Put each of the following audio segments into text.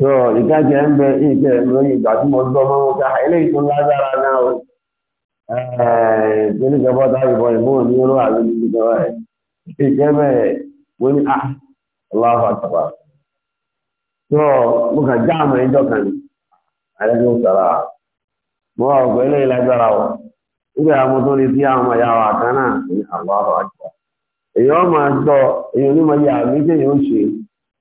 tó ìdájẹ ń bẹ ìjẹ lórí ye tí mo gbọ́ mọ́ wọn ká ah, eléyìí tó lágbára náà o tó ní kẹfọ́ táyì bọ̀ ìmúhùn ní irú àlọ́ ní ìjọba ẹ̀ ìjẹ́ ah mo kan mo o wa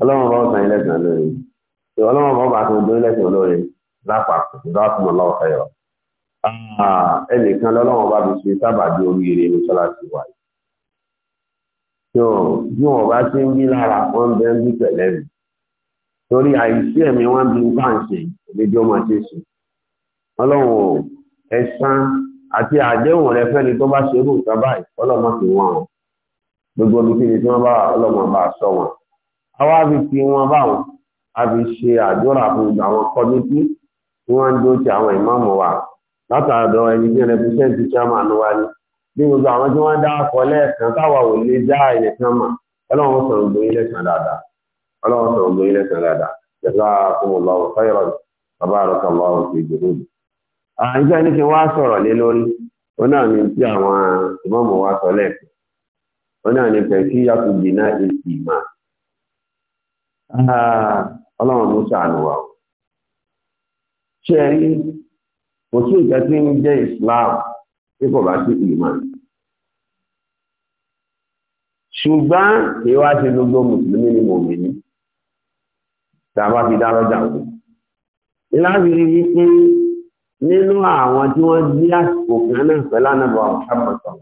ọlọ́run bá sàn ilẹ̀ sàn lórí ọlọ́run bá bá tún dún ilẹ̀ sàn lórí lápapọ̀ ìdáàbòmọ̀ lọ́wọ́ fẹ́ yọ. Ah, ẹnìkan lọ́lọ́run bá fi ṣe sábà di oríire mọ́ṣáláṣí wa yìí. bí wọn bá ti ń bí lára wọn ń ń bí pẹ̀lẹ́ mi torí àìsí ẹ̀mí wọn bí ń bá ń ṣe ìlẹ́jọ́ máa ṣe sùn. ọlọ́run ẹ̀sán àti àdéhùn rẹ fẹ́ni tó bá ṣerú ìta báyìí ọlọ́mọ ti wọ́n o gbogbo ibi kíni tí wọ́n bá ọlọ́mọ bá sọ wọn àwa fi fi wọn báwọn a fi ṣe àdúrà fún àwọn kọ́mítì tí wọ́n ń dó ti àwọn ìmáàmù wa látàdọ̀ ẹni tí rẹpúsẹ́ǹtì chairman wa ni bí gbogbo àwọn tí wọ́n dá akọ lẹ́ẹ̀kan táwa ò lè dá ẹ̀yẹ̀ kan mà ọlọ́run sọ̀rọ̀ gbòyìn lẹ́sàn dáadáa ọlọ́run sọ̀rọ̀ gbòyìn lẹ́sàn dáadáa jazakumullahu khairan barakallahu fi juhud. àyíká ní kí wọ́n á sọ̀rọ̀ lé lórí ó náà ní tí àwọn ìmáàmù wa sọ lẹ́ẹ̀kan ó náà ní pẹ̀kí yàtúndínà èsì máa Ah, ọlọ́run ló ṣàánú wa ṣe rí kò sí ìjẹ́ tí ń jẹ́ Islam tí kò bá sí ìmọ̀ ṣùgbọ́n kí wá ṣe gbogbo mùsùlùmí ni mòmí ní tàbá fi dá lọ́jà wò láti rí wípé nínú àwọn tí wọ́n jí àsìkò kan náà pẹ̀lú ànábọ̀ àwọn sábàtàn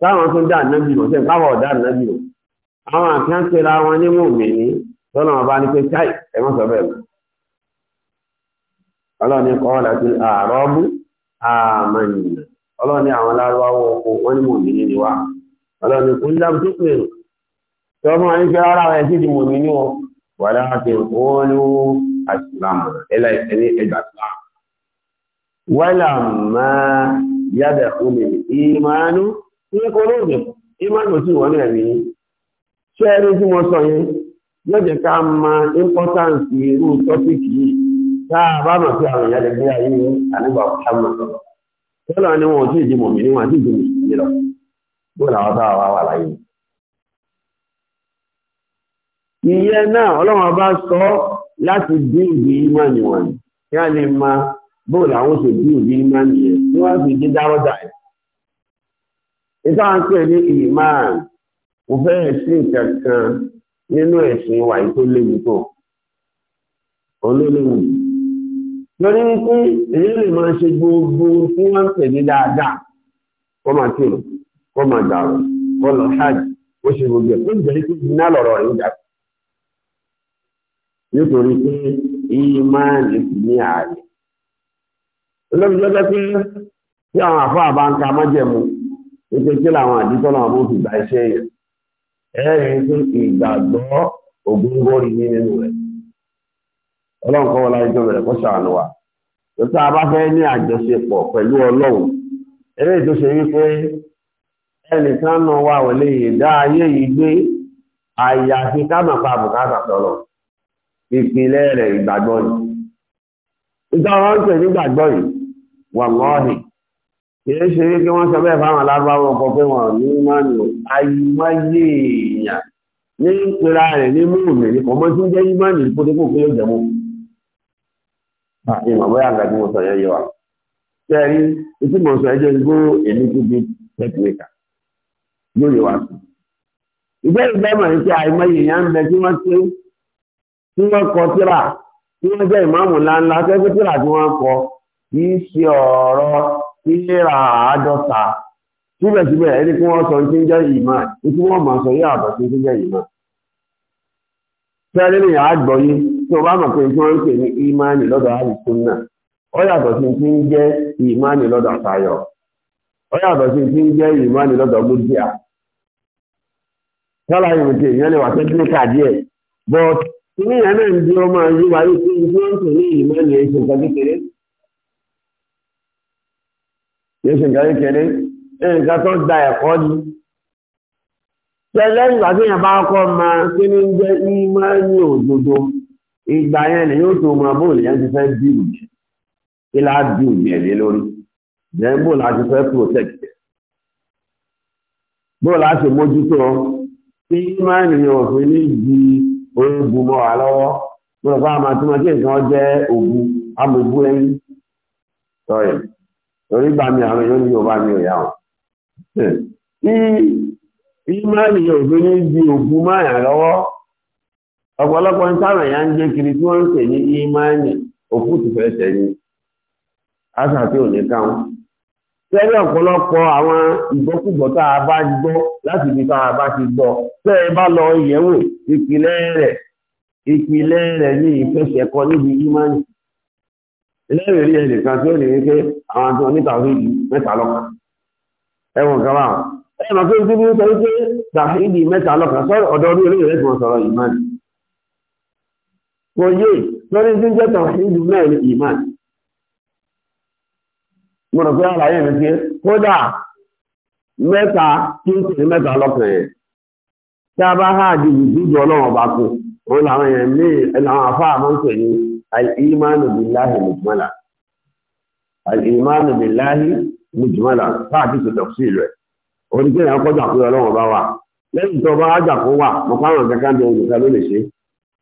táwọn tó dá ànábìrò ṣe káwọ̀ dá ànábìrò àwọn àkíńtẹ́ra wọn ní mòmí ní tọ́nà ọba ní pé káì sọ bẹ́ẹ̀ ọlọ́ni kọ́ láti àrọ́bù àmànìyàn ọlọ́ni àwọn lárúwáwọ́ oko wọ́n ní mòmìnì wá ọlọ́ni kún lábù tó pèrò tí ọmọ ní fẹ́ ara rẹ̀ sí ní ní wọ́n yóò jẹ́ ká mọ importance irú tọ́pìkì yìí táà bá mọ̀ sí àwọn ìyájẹ́ bí ayé ní àníbà ọ̀pọ̀lọpọ̀ sọ̀rọ̀ tó lọ ní wọn ò tí ì náà ọlọ́run bá sọ láti dín ìdí ìmánì wọn kí a lè mọ bó làwọn ṣe dín ìdí ìmánì yẹn tí wọ́n fi dín dáwọ́dà yẹn. ìtàn pè ní ìmáà kò fẹ́ẹ̀ sí nǹkan nínú ẹ̀sìn wà tó léwu tó olóléwu lórí wípé èyí lè máa ṣe gbogbo tí wọ́n ń pè ní dáadáa kó máa kírò kó máa dàrú kó lọ hajj ó ṣe gbogbo ẹ̀ tó jẹ́ pé iná lọ̀rọ̀ rẹ̀ ń jà nítorí pé iye máa ń lè ní ààrẹ olóòjọ́ jẹ́ pé tí àwọn àfọ́ àbá májẹ̀mú wípé kí làwọn àdìsọ́ làwọn bó fi iṣẹ́ yẹn ẹ̀rí pé ìgbàgbọ́ ògúngórí ní nínú rẹ̀ ọlọ́run kọ́ wọlé ayéjọ́ rẹ̀ kó ṣàánú wa tó tá a bá fẹ́ ní àjọṣepọ̀ pẹ̀lú ọlọ́run eré tó ṣe wípé ẹnìkan náà wà wọlé ayé yìí gbé pa àbùkátà ìpìlẹ̀ rẹ̀ kìí ṣe kí wọ́n sọ bẹ́ẹ̀ fáwọn alábáwọ̀ ọkọ̀ pé wọ́n ní mánì àyímáyé èèyàn ní ìpera rẹ̀ ní múùmí ní kọ̀mọ́ tí ó jẹ́ ìmánì ìpòdépò pé ó jẹ̀mú. ìmọ̀ bóyá àgbà tí mo sọ yẹ yẹ wa tẹ́rí etí mo sọ ẹjọ́ igbó èmi tó di tẹ́kíníkà yóò yẹ wa sí. ìgbẹ́ ìgbẹ́mọ̀ ní pé àìmọye èèyàn ń bẹ tí wọ́n ṣe tí wọ́n kọ tíra tí wọ́n jẹ́ ìmáàmù ńláńlá tẹ́kítíra tí wọ́n kọ kì í ṣe ọ̀rọ̀ síra àádọ́ta síbẹ̀síbẹ̀ ẹni kí wọ́n sọ tí ń jẹ́ ìmọ̀ ní wọ́n mọ̀ sọ tí jẹ́ ìmọ̀ tẹ́lẹ̀ ní tí ó bá mọ̀ pé tí wọ́n ń pè ní ìmánì lọ́dọ̀ àìsùn náà ó yàtọ̀ sí ń jẹ́ lọ́dọ̀ àtayọ̀ bọ́ọ̀ ní ẹ̀ náà ń di ọmọ tí ń pè ní kìí ṣe nǹkan kékeré nǹkan tó da ẹ̀kọ́ ni tẹ́lẹ̀ ìgbà tí yẹn bá kọ́ máa kí ní jẹ́ ìmọ̀ẹ́ni òdodo ìgbà yẹn ni yóò tó máa bóòlù yẹn ti fẹ́ bíìlù jẹ kí láá bíìlù yẹn lé lórí jẹ́ bóòlù àti fẹ́ protect yẹn bóòlù àti mójútó kí ìmọ̀ẹ́ni òfin ní di oògùn mọ́ wa lọ́wọ́ bóòlù fún àmàtúmọ̀ kí nǹkan jẹ́ òògùn amòbú ẹyin torí gbà mí àwọn yóò ní yorùbá mi ò yá wọn. tí ìmáàlì yorùbá ní di ògùn máyà lọ́wọ́ ọ̀pọ̀lọpọ̀ ń sáwọn èèyàn ń gbé kiri tí wọ́n ń pè ní ìmáàlì òkú tìfẹ́ tẹ̀yìn àṣà tí ò ní káwọn. Tẹ́lẹ̀ ọ̀pọ̀lọpọ̀ àwọn ìgbọ́kúgbọ́ tá a bá gbọ́ láti ibi tá a bá ti gbọ́. Tẹ́ ẹ bá lọ yẹ̀wò ìpìlẹ̀ rẹ̀ ìpìlẹ̀ rẹ̀ ní ìfẹsẹ̀kọ níbi ìmáàlì. ilé rí ẹnì kan tí ó ní wípé àwọn tó ní mẹ́ta lọ́kan ẹwọ̀n kaba ẹ̀mà tó tí wọ́n sọ wípé tàwídì mẹ́ta lọ́kan sọ́rọ̀ ọ̀dọ̀ orí orí rẹ̀ tí wọ́n sọ̀rọ̀ yé lórí tí ń jẹ́ mẹ́rin mo rò pé àlàyé mi pé kódà mẹ́ta tí ń mẹ́ta yẹn tí a bá há sí ìjọ ọlọ́run ọba kù òun làwọn èèyàn al'imanu billahi mujmala al'imanu billahi mujmala fáàkì tó tọ̀sí rẹ̀ oníkẹ́ ìyàn kọjá pé ọlọ́run bá wà lẹ́yìn tó bá ájà kó wà mọ̀ fáwọn kankan bẹ olùkà ló lè ṣe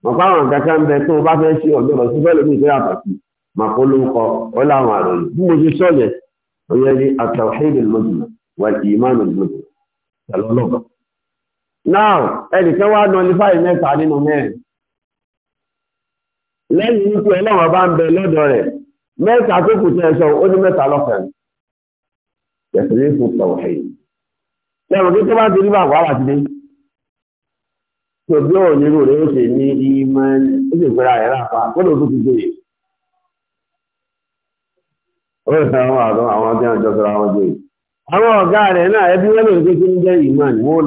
mọ̀ fáwọn kankan bẹ tó bá fẹ́ ṣe ọ̀dọ́ lọ sí fẹ́lẹ̀ ní ìfẹ́ àtàkì màá kó ló ń kọ ọ láwọn àròyìn bí mo ṣe sọ yẹn ó yẹ ní àtàwọ̀hídì lójúmọ̀ wà ní ìmánu lójúmọ̀ tẹ̀lọ́lọ́gbọ̀n. now ẹnìkan wá mẹ́ta nínú mẹ́rin lẹ́yìn ikú ẹlọ́wọ̀n bá ń bẹ lọ́dọ̀ rẹ̀ mẹ́ta tó kù tẹ́ ẹ̀ṣọ́ ó ní mẹ́ta lọ́fẹ̀ẹ́ tẹ̀sílẹ̀ fún tọ̀wọ̀hẹ́ lẹ́wọ̀n kí tó bá ti rí bàbá wà ti dé tó bí ò nírò rẹ̀ ó ṣe ní ìmọ̀ ó sì pẹ́ra rẹ̀ lápá kó ló tún ti dé ó lè fẹ́ràn wà lọ àwọn tí wọ́n jọ sọ́ra wọn dé àwọn ọ̀gá rẹ̀ náà ẹbí wọ́n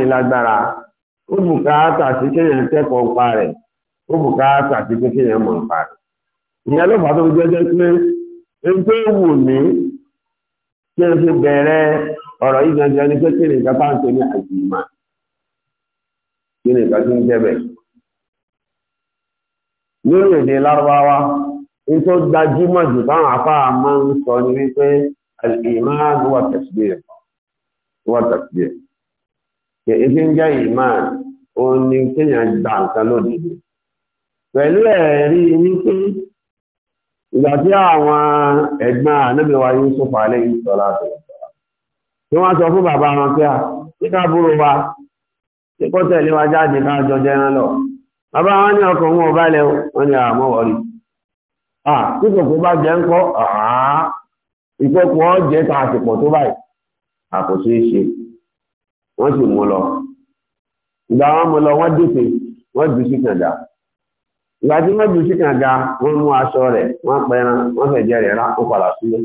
lè ń ó bùkátà sí kéèyàn kẹ́kọ̀ọ́ pa rẹ̀ ó bùkátà sí kéèyàn mọ̀ pa rẹ̀ ìyẹn ló fà tó jẹ́jẹ́ pé ń pé wù ní kí n fi bẹ̀rẹ̀ ọ̀rọ̀ yìí gangan ni pé kí ni nǹkan bá ń pè ní àjùmá kí ni nǹkan tó ń jẹ́ bẹ̀. èdè lárúbáwá ní tó gbajúmọ̀ jù táwọn afáà máa ń sọ ni wípé al-iman huwa tasbih huwa kì í fi ń jẹ́ ìmáàdù ó ní kéèyàn gba nǹkan lódìdí pẹ̀lú ẹ̀rí ní pé ìgbà tí àwọn ẹ̀gbọ́n ànábì wa Yúsúfù alayhi salatu wassalam tí wọ́n sọ fún bàbá wọn pé à kíkà búrò wa tí kò tẹ̀lé wa jáde ká jọ jẹran lọ bàbá wọn ní ọkọ̀ wọn ò bá lẹ wọn ni àmọ́ wọ̀rí à tí kòkó bá jẹ ń kọ́ àá ìkòkò ọ̀jẹ̀ ta àsìkò tó báyìí àkóso ìṣe wọ́n sì mú lọ ìgbà wọn mú lọ wọ́n dìtì wọ́n jù sí kànga ìgbà tí wọ́n jù sí kànga wọ́n mú aṣọ rẹ̀ wọ́n pẹran wọ́n fẹ̀jẹ̀ rẹ̀ rá ó padà sílé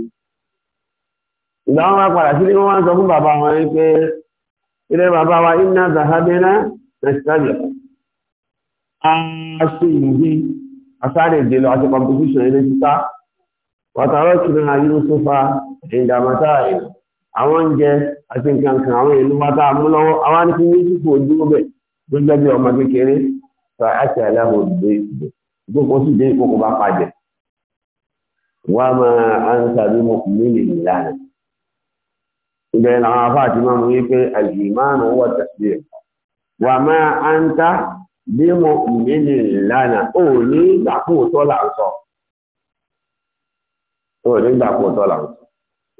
ìgbà wọn padà sílé wọ́n wá sọ fún bàbá wọn pé ilé bàbá wa iná nàìjíríà a ìwé asáré ìdè àti ilé títà wàtàrọ kìnnà àwọn oúnjẹ gbẹgbẹ́ bí ọmọ kékeré fa àti aláwọ̀ ìgbé ìgbé gbogbo sì dé ìkókò bá pàjẹ́ wà á máa ń sàbí mọ́kùnrin ìlànà ìbẹ̀rẹ̀ làwọn afáà ti máa mú yí pé àjìmáàmù wà tàbí wà máa ń ta bí mọ́kùnrin ìlànà ó ní ìgbàkóòtọ́ là ń sọ ó ní ìgbàkóòtọ́ là ń sọ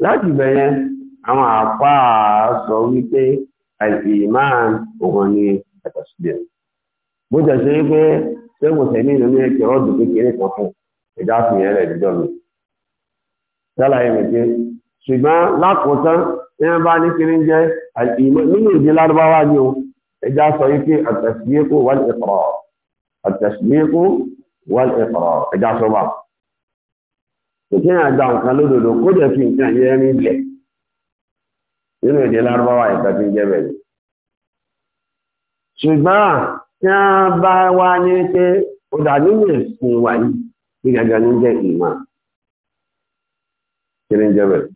láti bẹ̀rẹ̀ àwọn àpá sọ wípé àjìmáàmù òun ni yàtọ̀ sí bẹ́ẹ̀. bó jẹ́ ṣe pé ṣẹ́gun sẹ́ni ìlú ẹ̀kẹ́ ọ̀dùn kékeré kan fún ìdá fún yẹn rẹ̀ níjọ́ mi. sálàyé mi pé ṣùgbọ́n lákòótán tí wọ́n bá ní kiri jẹ́ nínú ìdí lárúbáwá ni o ẹja sọ yìí pé àtẹ̀síyékò wal iqrar àtẹ̀síyékò wal iqrar ẹja sọ bá. ìkíni àgbà nǹkan lódodo kó jẹ́ fi nǹkan yẹn ní nínú ìdí lárúbáwá ìgbà tí ń jẹ́ bẹ̀rẹ̀ ṣùgbọ́n tí wọ́n bá wá ní pé ó dà nínú ẹ̀sìn wa yìí ní gàgà ní jẹ́ ìmọ̀ kí ni jẹ́ bẹ̀rẹ̀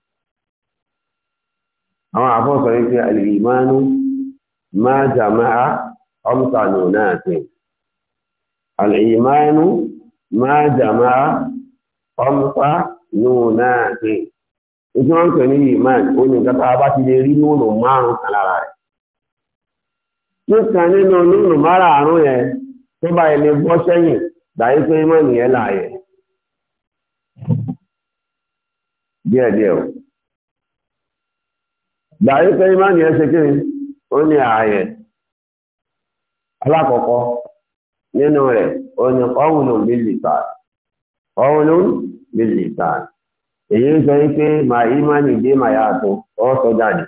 àwọn àfọ́sọ̀ yìí pé àlìmánú máa jàmáà ọmọsànù náà tẹ̀ àlìmánú máa jàmáà ọmọsànù náà tẹ̀ ìtí wọ́n ní ìmọ̀ ó ní nǹkan tá a bá ti lè rí lóòrùn márùn-ún kan lára rẹ̀ tí kan nínú mara àrùn yẹn tó bá ilé bọ́ sẹ́yìn dàí pé mọ́ nìyẹn láàyè díẹ̀díẹ̀ o dàí pé mọ́ nìyẹn ṣe ó ní ààyè alákọ̀ọ́kọ́ nínú rẹ̀ ó ní ọ̀hún ọ̀hún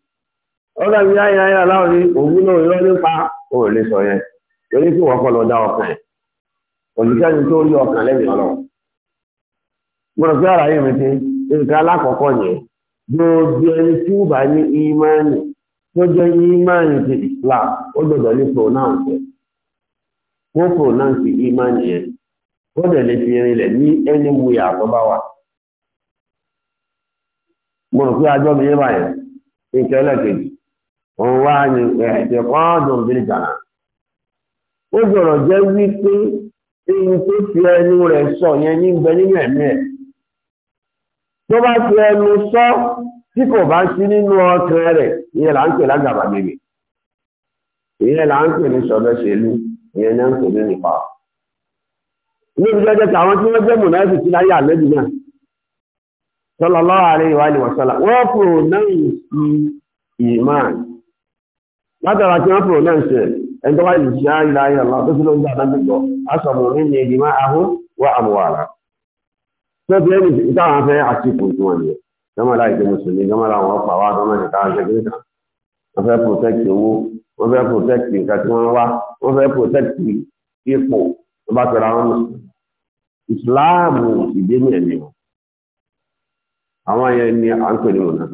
ọ ní ayé ayé aláwọ̀ ní òun náà irọ́ nípa ò lè sọ yẹn torí kí wọ́n kọ́ lọ dá ọkàn ẹ̀ òṣìṣẹ́ni tó rí ọkàn lẹ́yìn ọlọ́run mo rò pé ara yìí mi ti nǹkan alákọ̀ọ́kọ́ yẹn gbogbo ẹni tí ó bá ní ìmánì tó jẹ́ ìmánì ti Islam ó gbọ́dọ̀ ní pronounce pronounce yẹn ó dẹ̀ lè fi rinlẹ̀ ní ẹni òun wá ní ẹ̀ẹ́dẹ̀ kọ́ọ̀dùn bíríjàlá ó gbọ́dọ̀ jẹ́ wípé ẹni tó fi ẹnu rẹ̀ sọ yẹn ní bẹ nínú ẹ̀mí ẹ̀ tó bá fi ẹnu sọ tí kò bá sí nínú ọkàn rẹ̀ ìyẹn là ń pè lágàbà bèbè ìyẹn là ń pè ní sọ̀bẹ́sẹ̀lú ìyẹn ń pè ní nípa tí wọ́n jẹ́ mùnáìsì láyé àlejò náà látara tí wọ́n fòrò náà ṣe ẹni tó wá lè ṣe àìlà ìlànà tó sí ló ń dá àdájú gbọ́ aṣọ́bù ní ní ìdìmá ahú wà àmúwàrà tó bí ẹni ìtàwọn afẹ́ àti ìpòtò wọn yẹ gọ́mọ̀ láì tó mùsùlùmí gọ́mọ̀ láwọn ọ̀pá wa gọ́mọ̀ ní káwọn ṣe gíríkà wọ́n fẹ́ protect owó wọ́n fẹ́ protect nǹkan tí wọ́n wá wọ́n fẹ́ protect ipò tó bá tẹ̀ra wọn ìsìláàmù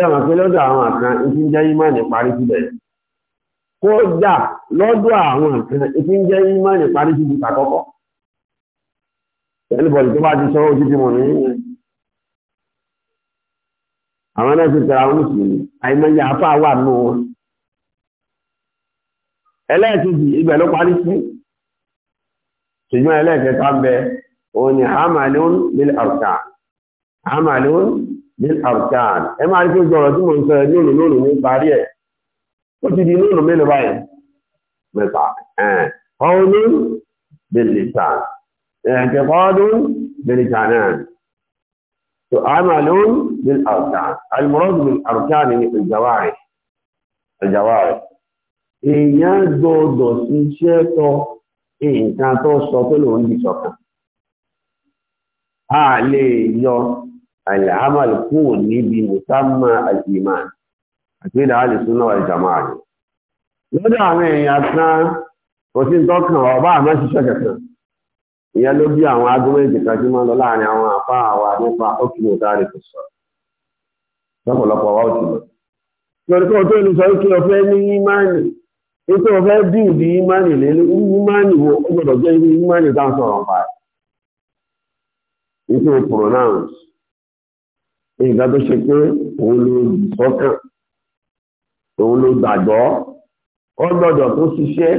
sẹ́wọ̀n pé lọ́dọ̀ àwọn kan ìfín jẹ́ ìmánì parí síbẹ̀ kó dà lọ́dọ̀ àwọn kan ìfín jẹ́ ìmánì parí síbi àkọ́kọ́ ẹnìbọ̀dì tó bá ti sọ ojú ti mọ̀ ní àwọn náà ti tẹ̀ra wọn mùsùlùmí àìmọye àfa wà nù wọn ẹlẹ́ẹ̀kejì ibẹ̀ ló parí sí ṣùgbọ́n ẹlẹ́ẹ̀kẹta bẹ òun ni àmàlóhùn lílẹ̀ ọ̀tà àmàlóhùn bil arkan ẹ máa rí pé gbọ́rọ̀ tí mo ń sọ ẹ lónìí lónìí ní parí ẹ̀ ó ti di lónìí mélòó báyìí mẹ́ta ọ̀hún bil lisan ẹ̀kẹ́kọ́ọ́dún bil lisanan عمل بالأركان المراد بالأركان الجوارح الجوارح èèyàn gbọ́dọ̀ ṣiṣẹ́ tọ nǹkan tó sọ pé lòun di ṣọ̀kan a lè yọ al'amal kú níbi musamman al'iman àti ìdá alìsúná wà jama'a ni lọ́dọ̀ àwọn èèyàn kan kò sí tọ́kàn ọba àmọ́ ṣiṣẹ́ kẹsàn ìyẹn ló bí àwọn agúnmẹ́jì kan tí máa lọ láàrin àwọn àpá àwa nípa ókìlò tààrí kò sọ lọ́pọ̀lọpọ̀ wa òtù lọ lórí kó tó ó gbọ́dọ̀ nǹkan tó ṣe pé òun ló sọ́kàn òun ló gbàgbọ́ ó gbọ́dọ̀ tó ṣiṣẹ́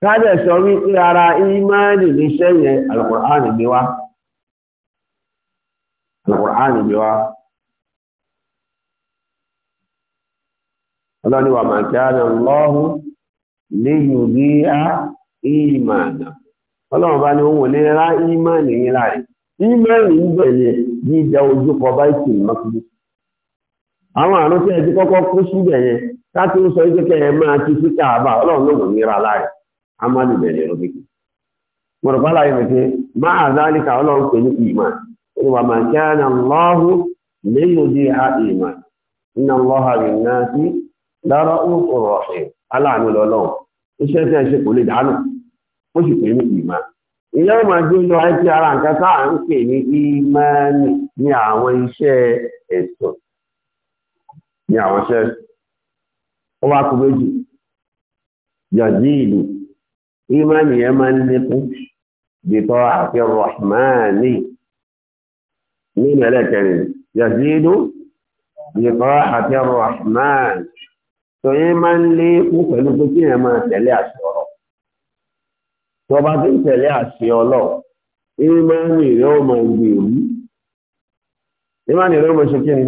káàdẹ̀ sọ wípé ara ìmáàlì níṣẹ́ yẹn Al-Qur'an gbé wá Al-Qur'an gbé wá ọlọ́ni wà máa kí á lọ lọ́hùn léyìn á ìmáàlì ọlọ́run bá ní òun ò lè ìmẹ́rin ń ndụ jíjà ojú kọ báyìí mọ́kúrú àwọn àrùn tí ẹ ti ka kú síbẹ̀ yẹn káàtì ń sọ ìgbẹ́kẹ̀ ẹ ka ti sí káàbà ọlọ́run ló mọ̀ nira láàrẹ̀ a máa lè bẹ̀rẹ̀ lọ kékeré a ìmọ̀ iná lọ́hà rìn náà ìyá ọmọ àti ìlú àti ara nǹkan tá à ń pè ní ìmánì ní àwọn iṣẹ́ ẹ̀sọ̀ ní àwọn iṣẹ́ ó wá kú méjì yọ̀dí ìlú ìmánì yẹn máa ń lékún bìtọ́ àti rọ̀hmánì ní ìmẹ̀lẹ̀ kẹrin yọ̀dí ìlú bìtọ́ àti rọ̀hmánì tó yẹn máa ń lékún pẹ̀lú pé kí yẹn máa tẹ̀lé àṣọ tó bá ti ń tẹ̀lé àṣẹ ọlọ́run ìmánì rẹ̀ ó máa gbèrú ìmánì rẹ̀ ó máa ṣe kí ni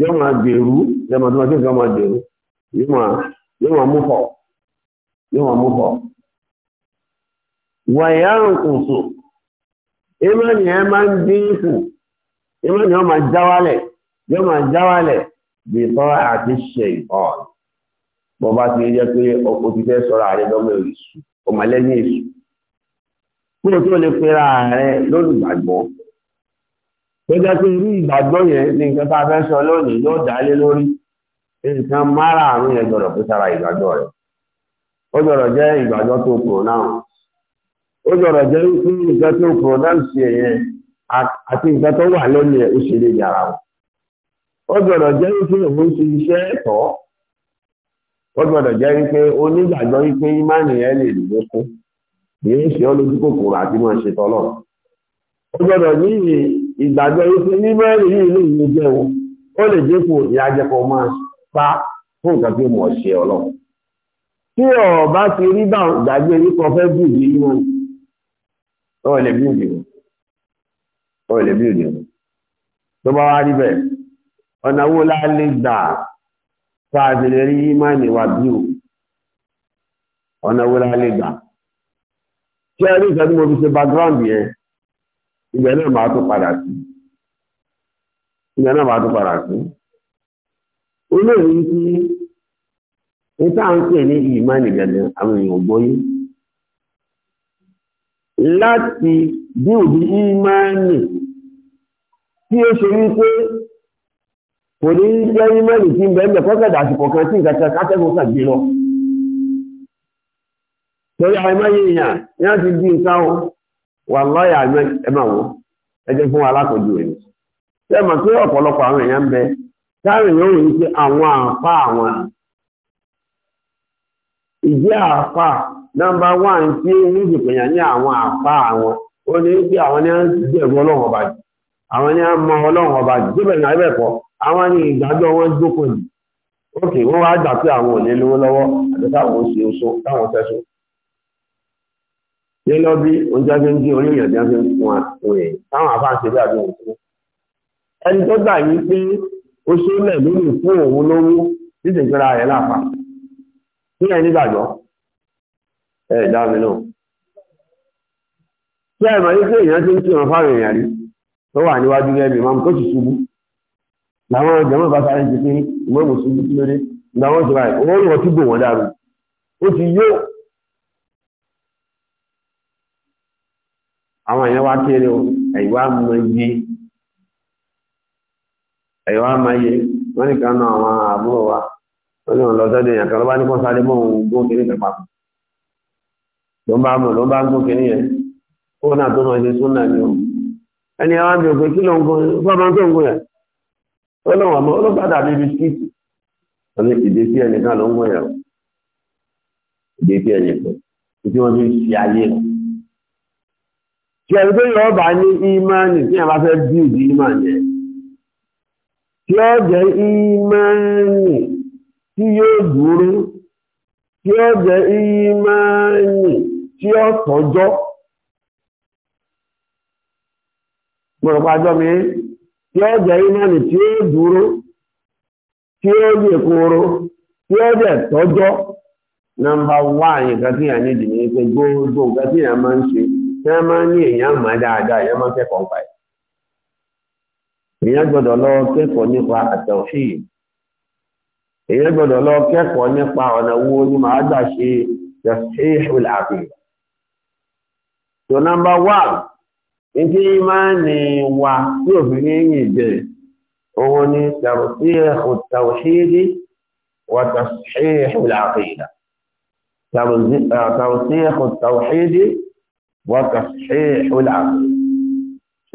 yóò máa gbèrú lẹ́mọ̀ tó máa tẹ̀lé máa gbèrú yóò máa mú fọ̀ yóò máa mú fọ̀. wàyà nkùsù ìmánì ẹ̀ máa ń dínkù ìmánì ó máa jáwálẹ̀ yóò máa jáwálẹ̀ bìtọ́ àti ṣe ìkọ́ bọ́ ti yẹ pé ọkọ̀ ti fẹ́ sọ̀rọ̀ àrẹ́dọ́mọ̀ èṣù ọmọlẹ́yìn èṣù kí o tó lè pera rẹ lori gẹ́gẹ́ tí irú ìgbàgbọ́ yẹn ní nǹkan tá a fẹ́ sọ lónìí yóò dálé lórí nǹkan márààrún yẹn gbọ́dọ̀ pé sára ìgbàgbọ́ rẹ ó gbọ́dọ̀ jẹ́ ìgbàgbọ́ tó pronoun ó gbọ́dọ̀ jẹ́ wípé nǹkan tó pronoun ṣe yẹn àti nǹkan tó wà lónìí ó ṣe lè yàrá ó gbọ́dọ̀ jẹ́ wípé òun iṣẹ́ yìí ṣe ọ́ lójú kòkòrò àti máa ṣe tọ́lọ̀ ó gbọ́dọ̀ ní ìgbàgbọ́ ife mímọ́ ẹ̀rí ilé ìlú jẹun ó lè dínkù ìyájẹpọ̀ máa pa fún nǹkan tí mo ṣe ọlọ́run tí ọba ti rí bá ìgbàgbé nípa fẹ́ bùdí inú ọ̀rọ̀ lè bíòdì wọn ọ̀rọ̀ lè bíòdì wọn tó bá wá rí bẹ́ẹ̀ ọ̀nà wo la lè gbà tá rí ìmọ̀ ìwà bíò ọ̀nà wo la lè gbà tí a rí ìṣẹ́jú mo fi ṣe background yẹn ibẹ̀ náà máa tún padà sí ibẹ̀ náà máa tún padà sí olóòrí tí ní táà ń pè ní ìmọ̀ nìgbẹ̀lẹ̀ àwọn èèyàn gbóyé láti bí òbí ìmọ̀ẹ́nì tí ó ṣe wípé kò ní jẹ́ ìmọ̀ẹ́nì tí ń bẹ̀ẹ́ mẹ́kọ́kẹ̀dà àsìkò kan tí ìgbàkẹ́ kátẹ́gùn kàgbé lọ torí àìmọ́yé èèyàn yá ti di nǹkan wọn wà lọ́yà ẹmà wọn ẹjẹ́ fún wa alákòjú rẹ̀ sẹ́mọ̀ tí ọ̀pọ̀lọpọ̀ àwọn èèyàn ń bẹ táwọn ike rò wípé àwọn àfá àwọn ìjẹ́ àfá nọ́mbà wán tí ní ìpìyà ní àwọn àfá àwọn ó ní àwọn ní ọlọ́run ọba jù àwọn ní mọ ọlọ́run ọba jù síbẹ̀ ní àwọn ní wọn jókòó ókè wá gbà pé àwọn ṣé lọ́bí oúnjẹ fi ń dín orí jẹ́ fi ń fún àwọn èèyàn táwọn afá bí àdúgbò fún. ẹni tó gbà yí pé ó ṣe lẹ̀ lónìí fún òun lówó títí ìpínlẹ̀ rẹ̀ láfa kí ẹ nígbàgbọ́ ẹ dá mi náà. ṣé ẹ mọ̀ ní pé èèyàn ti ń kí wọn èèyàn rí tó wà níwájú lẹ́bi máa tó sì ṣubú làwọn jẹ̀mọ́ bá sáré ti pín ìmọ̀ ìmọ̀ ṣubú kí lóde ìgbà wọn ti àwọn èèyàn wá kéré o ẹ̀yìnwá mọ iye ẹ̀yìnwá mọ iye wọ́n ní kan náà àwọn àbúrò wa wọ́n ní ọ̀lọ́ sọ́dọ̀ èèyàn kan ló bá ní kọ́ sáré mọ́ òun gbó kéré pẹ̀pà ló ń bá mọ̀ ló ń bá gbó kéré yẹn kó náà tó máa ṣe súnà ni o wọ́n ní ń fi ayé rẹ̀ tí ẹni tó ya ọba ní ìmánì tí ẹ̀mà fẹ́ bí ìdí ìmánì tí ó jẹ́ ìmánì tí yóò dúró tí ó jẹ́ ìmánì tí ó tọ́jọ́ mọ̀rọ̀pájọ́ mi tí ó jẹ́ ìmánì tí ó dúró tí ó lè tí ó jẹ́ tọ́jọ́ nọ́mbà tí wọ́n máa ń ní èèyàn máa dáadáa èèyàn máa ń kẹ́kọ̀ọ́ nípa ẹ̀. èèyàn gbọ́dọ̀ lọ kẹ́kọ̀ọ́ nípa àtẹ̀wọ̀fì èèyàn gbọ́dọ̀ lọ kẹ́kọ̀ọ́ nípa ọ̀nà wo ni màá gbà ṣe tẹ̀síhùl àfihàn. so number one ìdí máa ń ní wa tí òfin ní yìí jẹ òun ni tẹ̀síhù tẹ̀síhì wà tẹ̀síhùl àfihàn. توثيق التوحيد wọ́kà ṣe ìṣòlá.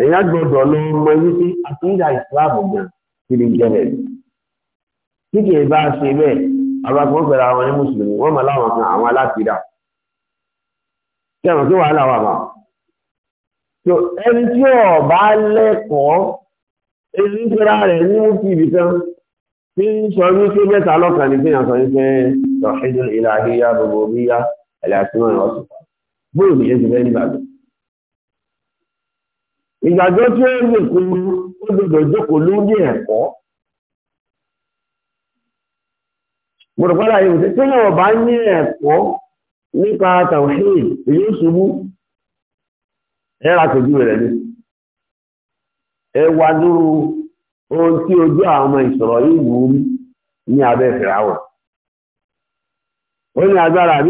Èyàn gbọdọ̀ ló mọ wípé àtúndà ìsìláàmù gan kí ni jẹ́rẹ̀. Tí kì í bá ṣe bẹ́ẹ̀, àwọn akọ̀ pẹ̀lú àwọn ní Mùsùlùmí, wọ́n mọ̀ láwọn kan àwọn tí ń pera ní Tí mẹ́ta lọ́kàn ní kéèyàn ní pé Tọ̀hídùn ìlàhíyá gbogbo bíyá ẹ̀lẹ́ àti mọ́rin ọ̀sùn. bóyá nìyẹn ti fẹ́ nígbàgbọ́. ìgbàgbọ́ tí ó lè kúrú ó gbọdọ̀ jókòó lórí ẹ̀kọ́. mo rò pẹ́lá yóò tí bá ní ẹ̀kọ́ nípa èyí ṣubú ẹ̀rà tòjú rẹ̀ ni ẹ ohun tí ojú àwọn ọmọ yìí wù ú ní abẹ́ fìràwọ̀ ó ní agbára àbí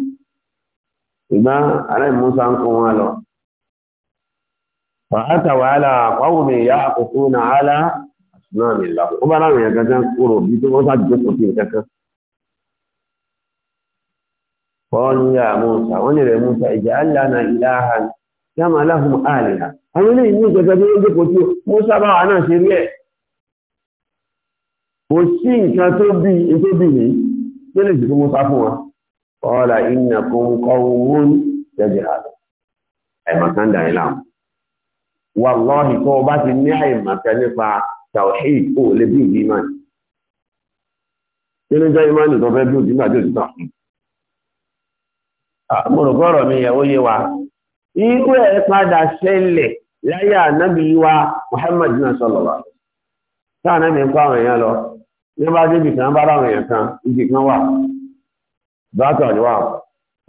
ṣùgbọ́n aláì Musa ń kún wọn lọ. Fàátà wàhálà pàwọn ìyá àkókò náà hálà náà ní ìlà. Ó bá láwọn èèyàn kankan kúrò bí tí wọ́n sáàjì jókòó sí kankan. Fọ́ọ̀lù ya Musa, wọ́n ní rẹ̀ Musa, ìjà Allah na kí lè sì fún Musa fún wọn. قال إنكم قوم تجهلون أي مكان دعي لهم والله توبة النعمة كنفع توحيد أول بي الإيمان nínú jẹ́ ìmáàlì tó fẹ́ iman òjì náà jòjì wa Muhammad kan kan bákan a wà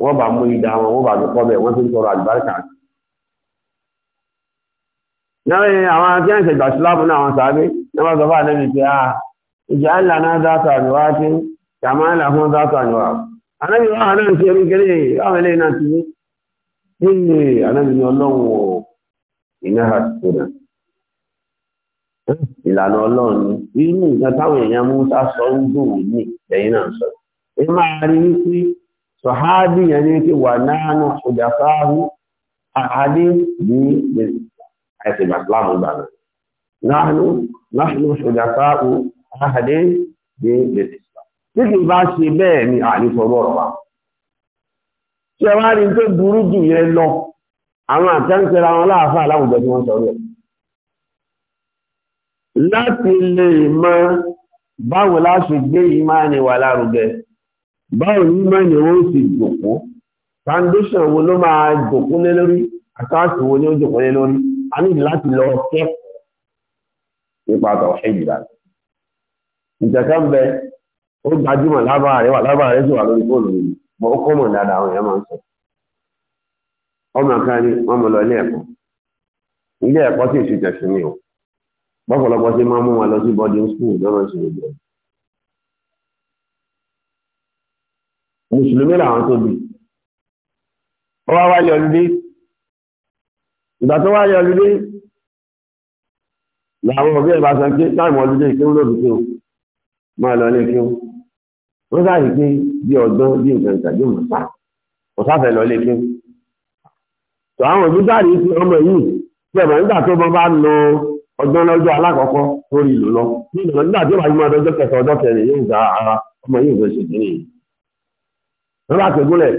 wọ́n bá mú ìdá wọn wọ́n bá ní wọ́n ń tọrọ lẹ́yìn àwọn náà wọn sáré náà sọ fún àlẹ́ pé a ìjà ńlá náà ya àníwá tí kàmá ńlá fún wọn àná ń ṣe orí kéré àwọn eléyìí náà ti ní. ilé àlẹ́bí ni ọlọ́run ò ti ìlànà ọlọ́run ni inú ìkan táwọn èèyàn mú sá sọ ń dùn ní ẹ̀yìn náà sọ̀rọ̀. ẹ máa rí wípé sọ̀háàbì yẹn ní kí wà náánú ṣùgbàfáàhù àádé ní àìsìgbà láàmú gbà náà náánú ṣùgbàfáàhù àádé ní ìgbésìgbà tí kì bá ṣe bẹ́ẹ̀ ni àlefọ̀rọ̀ ọ̀pá tí ẹ wá rí tó burú jù yẹn lọ àwọn àtẹ́ńtẹ́ra wọn láàfáà láwùjọ láti lè mọ báwo láṣe gbé ìmáàni wà lárugẹ báwo ní mẹ́rin wọ́n sì jòkó foundation wo ló máa jòkó lé lórí àkáàtì wo ni ó jòkó lé lórí a ní láti lọ kẹ́kọ̀ọ́ nípa àtọ̀ ẹ̀jìdá ìjẹ̀kẹ́ ń bẹ ó gbajúmọ̀ lábàá rẹ̀ wà lábàá rẹ̀ sì wà lórí fóònù yìí mọ̀ ó kọ́ mọ̀ dáadáa àwọn èèyàn máa ń sọ ọmọ kan ní wọ́n mọ̀ lọ ilé ẹ̀kọ́ ilé ẹ̀kọ́ sì ṣe tẹ̀sí mi o bọ́pọ̀lọpọ̀ sí máa mú wọn lọ sí boarding school lọ́wọ́ sí ìjọba mùsùlùmí làwọn tó bí ó wá wáyé ọlúdé ìgbà tó wáyé ọlúdé làwọn òbí ẹ̀bá sọ pé táìmù ọlúdé kí ó lòdù kí ó máa lọ lé kí ó ó sáàyè pé bí ọdún bí nǹkan ìtàjú mọ̀ sá kò sáfẹ́ lọ lé kí ó tó àwọn òbí dáàrí sí ọmọ yìí tí ẹ̀mọ̀ nígbà tó bọ́ bá lo ọdún lọ́jọ́ alákọ̀ọ́kọ́ tó rí ìlú lọ nígbà tó bá yí ọdún kẹsàn-án ọdún kẹrin yóò gba ara ọmọ yìí ò ló bá pè gúnlẹ̀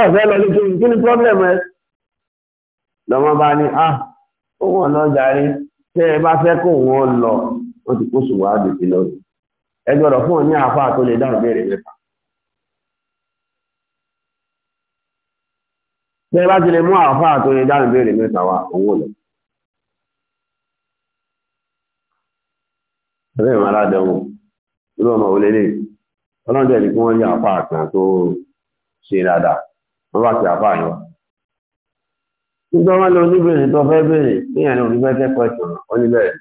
ẹ fẹ́ lọ ní kí ni problem ẹ lọ́mọ bá ní à ah, ó wọ̀n lọ jàre tẹ́ ẹ bá fẹ́ kó wọn lọ wọ́n ti kó sùn wàá dùn sí lọ ẹ gbọ́dọ̀ fún ọ ní àfa tó lè dáhùn béèrè mẹ́fà tẹ́ ẹ bá ti lè mú àfa tó lè dáhùn béèrè mẹ́ta wa owó lọ. ẹ̀rẹ́ ìmọ̀ aládẹ́wò ló lọ́mọ òlélẹ̀ ọlọ́dẹ̀ ni kí wọ́n yá àfa àkàn tó ṣe dáadáa wọ́n bá ti àfáà yọ. nígbà wọn lọ oníbèrè tó fẹ́ bèrè níyàn ní oníbẹ̀ kẹ́kọ̀ọ́ ìtàn oníbẹ̀rẹ̀.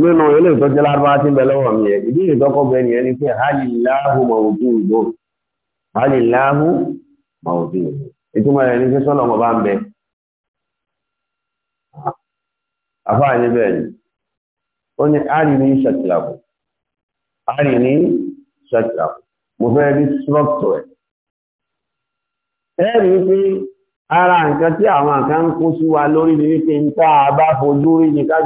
nínú ilé ìtọ́jú lárúbáwá ti ń bẹ lọ́wọ́ mi yẹn ìdí ìtọ́kọ̀ bẹ nìyẹn ni pé haliláhu mawudu ìbò haliláhu mawudu ìbò ìtumọ̀ rẹ̀ ní pé sọ́lọ́ ọmọ bá ń bẹ. àfáà bẹ́ẹ̀ ni ó ní àrí ní ṣàtìlàkù àrí ní ṣàtìlàkù mo fẹ́ rí structure ẹ̀. ẹ rí i pé ara nǹkan tí àwọn kan ń kó sí wa lórí ni wípé ń tá a bá fojú rí ni ká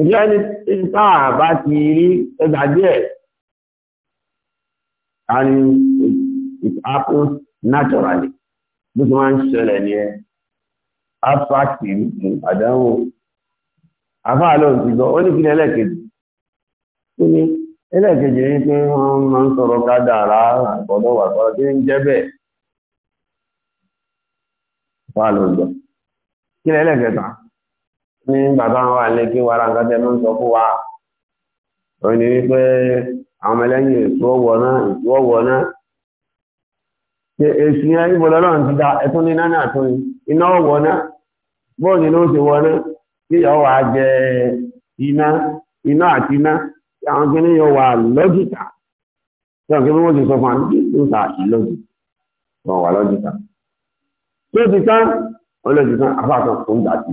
ìjẹ́ ní tá a ti rí ẹgbà díẹ̀ a ní it happens naturally bí wọ́n ń ṣẹlẹ̀ ní ẹ abstract àdánwò afáàlóhùn ti gbọ́ ó ní kí ni ẹlẹ́kejì ẹlẹ́ẹ̀kejì ní pé wọ́n máa ń sọ̀rọ̀ kádàrá àgbọ̀dọ̀ wà sọ̀rọ̀ tí ń jẹ́ bẹ́ẹ̀ wà lóòjọ́ kí lẹ́lẹ́kẹta ní bàbá wa lè kí wàrà nǹkan tẹ́ máa ń sọ fún wa òun ni wípé àwọn èso ọwọ́ náà èso ọwọ́ náà ṣe èsì àwọn kìíní yóò wà lọ́jìkà tí wọ́n kí wọ́n ti sọ fún àmì tó ta ìlọ́jì wọ́n wà lọ́jìkà tí ó ti tán ọlọ́jì tán afáàtọ̀ tó ń gbà sí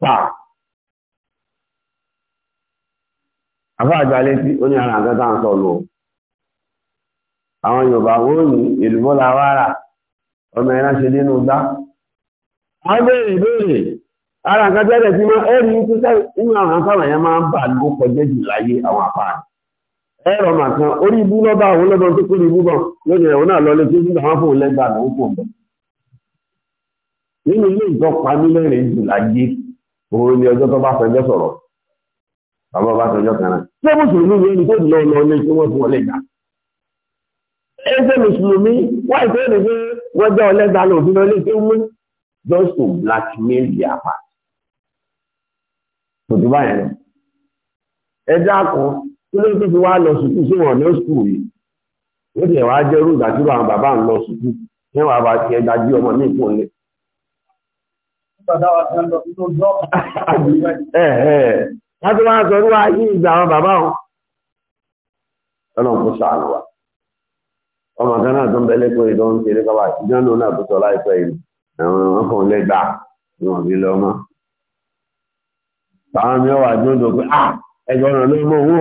pa sí ó ní tá à ń sọ lọ àwọn Yorùbá wọ́n ní èlùbọ́lá wàrà ọmọ ẹran ṣe nínú gbá wọ́n béèrè béèrè ara nǹkan tẹ́lẹ̀ tí máa ẹ̀rí tó sẹ́rẹ̀ inú àwọn afáràn yẹn máa ń bà ló kọjẹ́ jù láyé àwọn afáràn ẹ̀rọ màkan orí ibú lọ́ba àwọn lọ́dọ̀ tó kórè ibú bọ̀ lónìí ẹ̀wọ̀n náà lọlé tó fòun lẹ́gbàá kò nínú ilé jù láyé òun ni ọjọ́ tó bá fẹjọ́ sọ̀rọ̀ bá fẹjọ́ kan náà ṣé mùsùlùmí ẹni tó lọ lọ kò tó báyẹn lọ ẹjá kan kí ló tó fi wá lọ sùkú sí ní yìí ó ti irú ìdájú àwọn bàbá ń lọ sùkú kí wọ́n bá ti ẹ̀dá jí ọmọ ní láti wá sọ yí ìgbà àwọn bàbá wọn kò sàánù wa ọmọ kan náà tó ń pé ìdánwò ń ìdánwò àwọn mi wà dúndò pé ah ẹjọ́ ọ̀nà ló mọ owó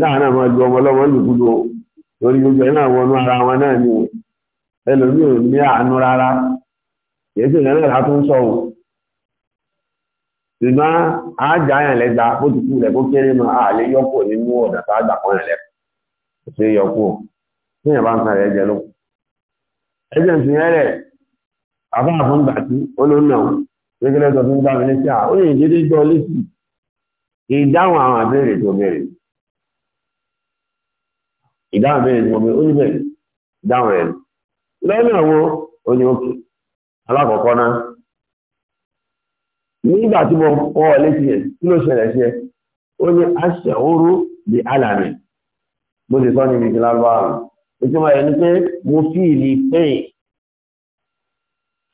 káwọn náà máa ọmọ ọlọ́mọ lùkúdò lórí gbogbo ẹ̀ náà wọnú ara wọn náà ni ẹlòmíì ní àánú rárá sì ìlà tó ń sọ̀rọ̀ ṣùgbọ́n yàn bó ti kú rẹ̀ kó kéré mọ́ nínú ọ̀dà kan rẹ̀ kò tí bá ń sàrẹ̀ gẹ́gẹ́ tó fi ń bá mi létí à ó yìn dédé jọ létí ìdáhùn àwọn àbẹ̀rẹ̀ tó bẹ̀rẹ̀ ìdáhùn àbẹ̀rẹ̀ tó bẹ̀rẹ̀ ó ní bẹ̀rẹ̀ ìdáhùn rẹ̀ lọ́nà wo ó ní òkè alákọ̀ọ́kọ́ náà nígbà tí mo kọ́ ọ létí ẹ̀ kí ló ṣẹlẹ̀ sí ẹ ó ní àṣà oró di alàmì mo sì sọ ní ibi ìlànà àrùn ìtumọ̀ ẹ̀ ní pé mo fi ìlì pẹ́yìn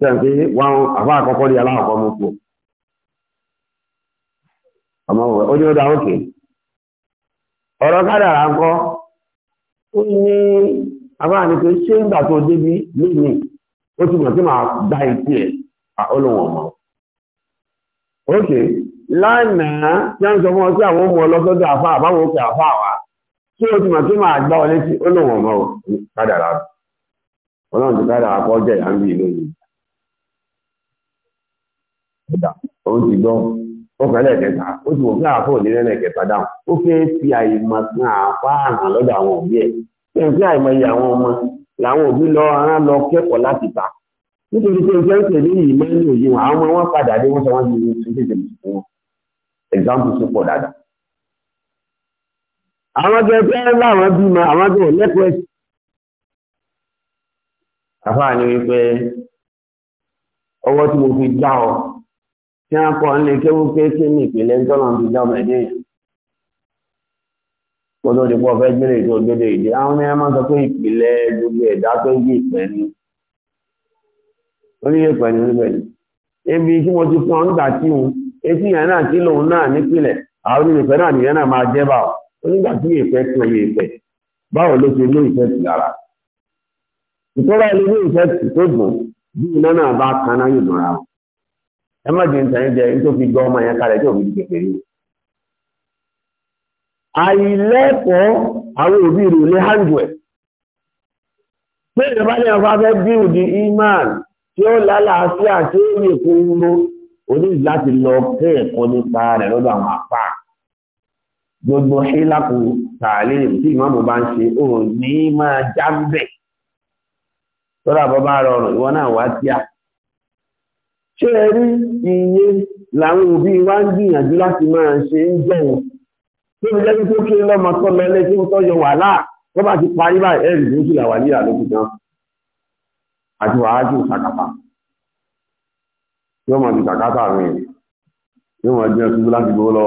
sẹ́ǹtì wọn àfá àkọ́kọ́ ní aláàkọ́ mú kú ọmọ òwe ó ní ó dá òkè ọ̀rọ̀ kádàrà ń kọ́ ó ní ṣe ní pé ṣé ńgbà tó débi lónìí ó ti mọ̀ tí màá gba ìpín ẹ̀ ọmọ òkè lánàá tí a ń sọ fún ọ sí àwọn ọmọ ọlọ́sọ́dọ̀ òkè tí ó ti mọ̀ ọ létí kádàrà ọlọ́run ti kádàrà kọ́ ìgbà ó ti gbọ́ ó kẹ́lẹ̀ kẹta ó ti wò pé àáfà ò ní rẹ́lẹ̀ kẹta dáhùn ó fẹ́ fi àìmọ̀ sí àáfà hàn lọ́dọ̀ àwọn òbí ẹ̀ ṣé n fi àìmọ̀ iye àwọn ọmọ làwọn òbí lọ rán lọ kẹ́kọ̀ọ́ láti ta nítorí pé ìjọ ìṣẹ̀ ní ìmọ̀ ní òye wọn àwọn ọmọ wọn padà dé wọ́n sọ wọ́n ti ṣe tètè fún wọn example tó pọ̀ dáadáa. àwọn gẹ́gẹ́ láwọn bímọ àwọn gẹ́gẹ́ lẹ́kọ̀ọ́ ẹ̀sìn. àfáà ni wípé ọwọ́ tí mo fi dá ọ tí wọ́n kọ́ ní kéwú kéèké ní ìpìlẹ̀ tọ́nà ti dá ọmọ yẹn kó tó ti pọ̀ fẹ́ gbére ìtò gbére ìdí àwọn ọmọ sọ pé gbogbo ẹ̀dá tó ìpẹ́ ni ó ní ìpẹ́ ni ebi tí mo ti fún ọ nígbà tí òun etí yẹn náà kí lòun náà àwọn ìpẹ́ náà nìyẹn náà máa jẹ́ báwọ̀ ó nígbà tí ìpẹ́ yẹ ìpẹ́ ló ìtọ́ra ilé tó bí ẹ má jẹ́ ìtàn jẹ́ tó fi gbọ́ ọmọ yẹn kalẹ̀ tí òbí kékeré yìí. àìlẹ́kọ̀ọ́ àwọn òbí rò ní hàndùẹ̀ pé ìjọba ní ọba fẹ́ bíòdì imán tí ó lálàáfíà tí ó lè kó ń lo oní láti lọ kẹ́ ẹ̀kọ́ nípa rẹ̀ lọ́dọ̀ àwọn apá gbogbo ṣílápù tààlẹ́ tí ìmọ̀mù bá ń ṣe ò ní máa jábẹ̀ tọ́lá bọ́ bá rọrùn ìwọ náà wá tíà ṣé ẹ rí iye làwọn òbí wa ń gbìyànjú láti máa ṣe ń jẹun tó fi jẹ́ pé kí lọ́mọ tó lọ ilé tí wọ́n tọ́jọ wàhálà tó bá ti parí báyìí ẹ̀rì tó kìlà wà ní àlókù náà àti wàhálà tí ò sàkàpà yóò máa ti sàkàpà rìn yóò máa jẹ́ ṣubú láti gbó lọ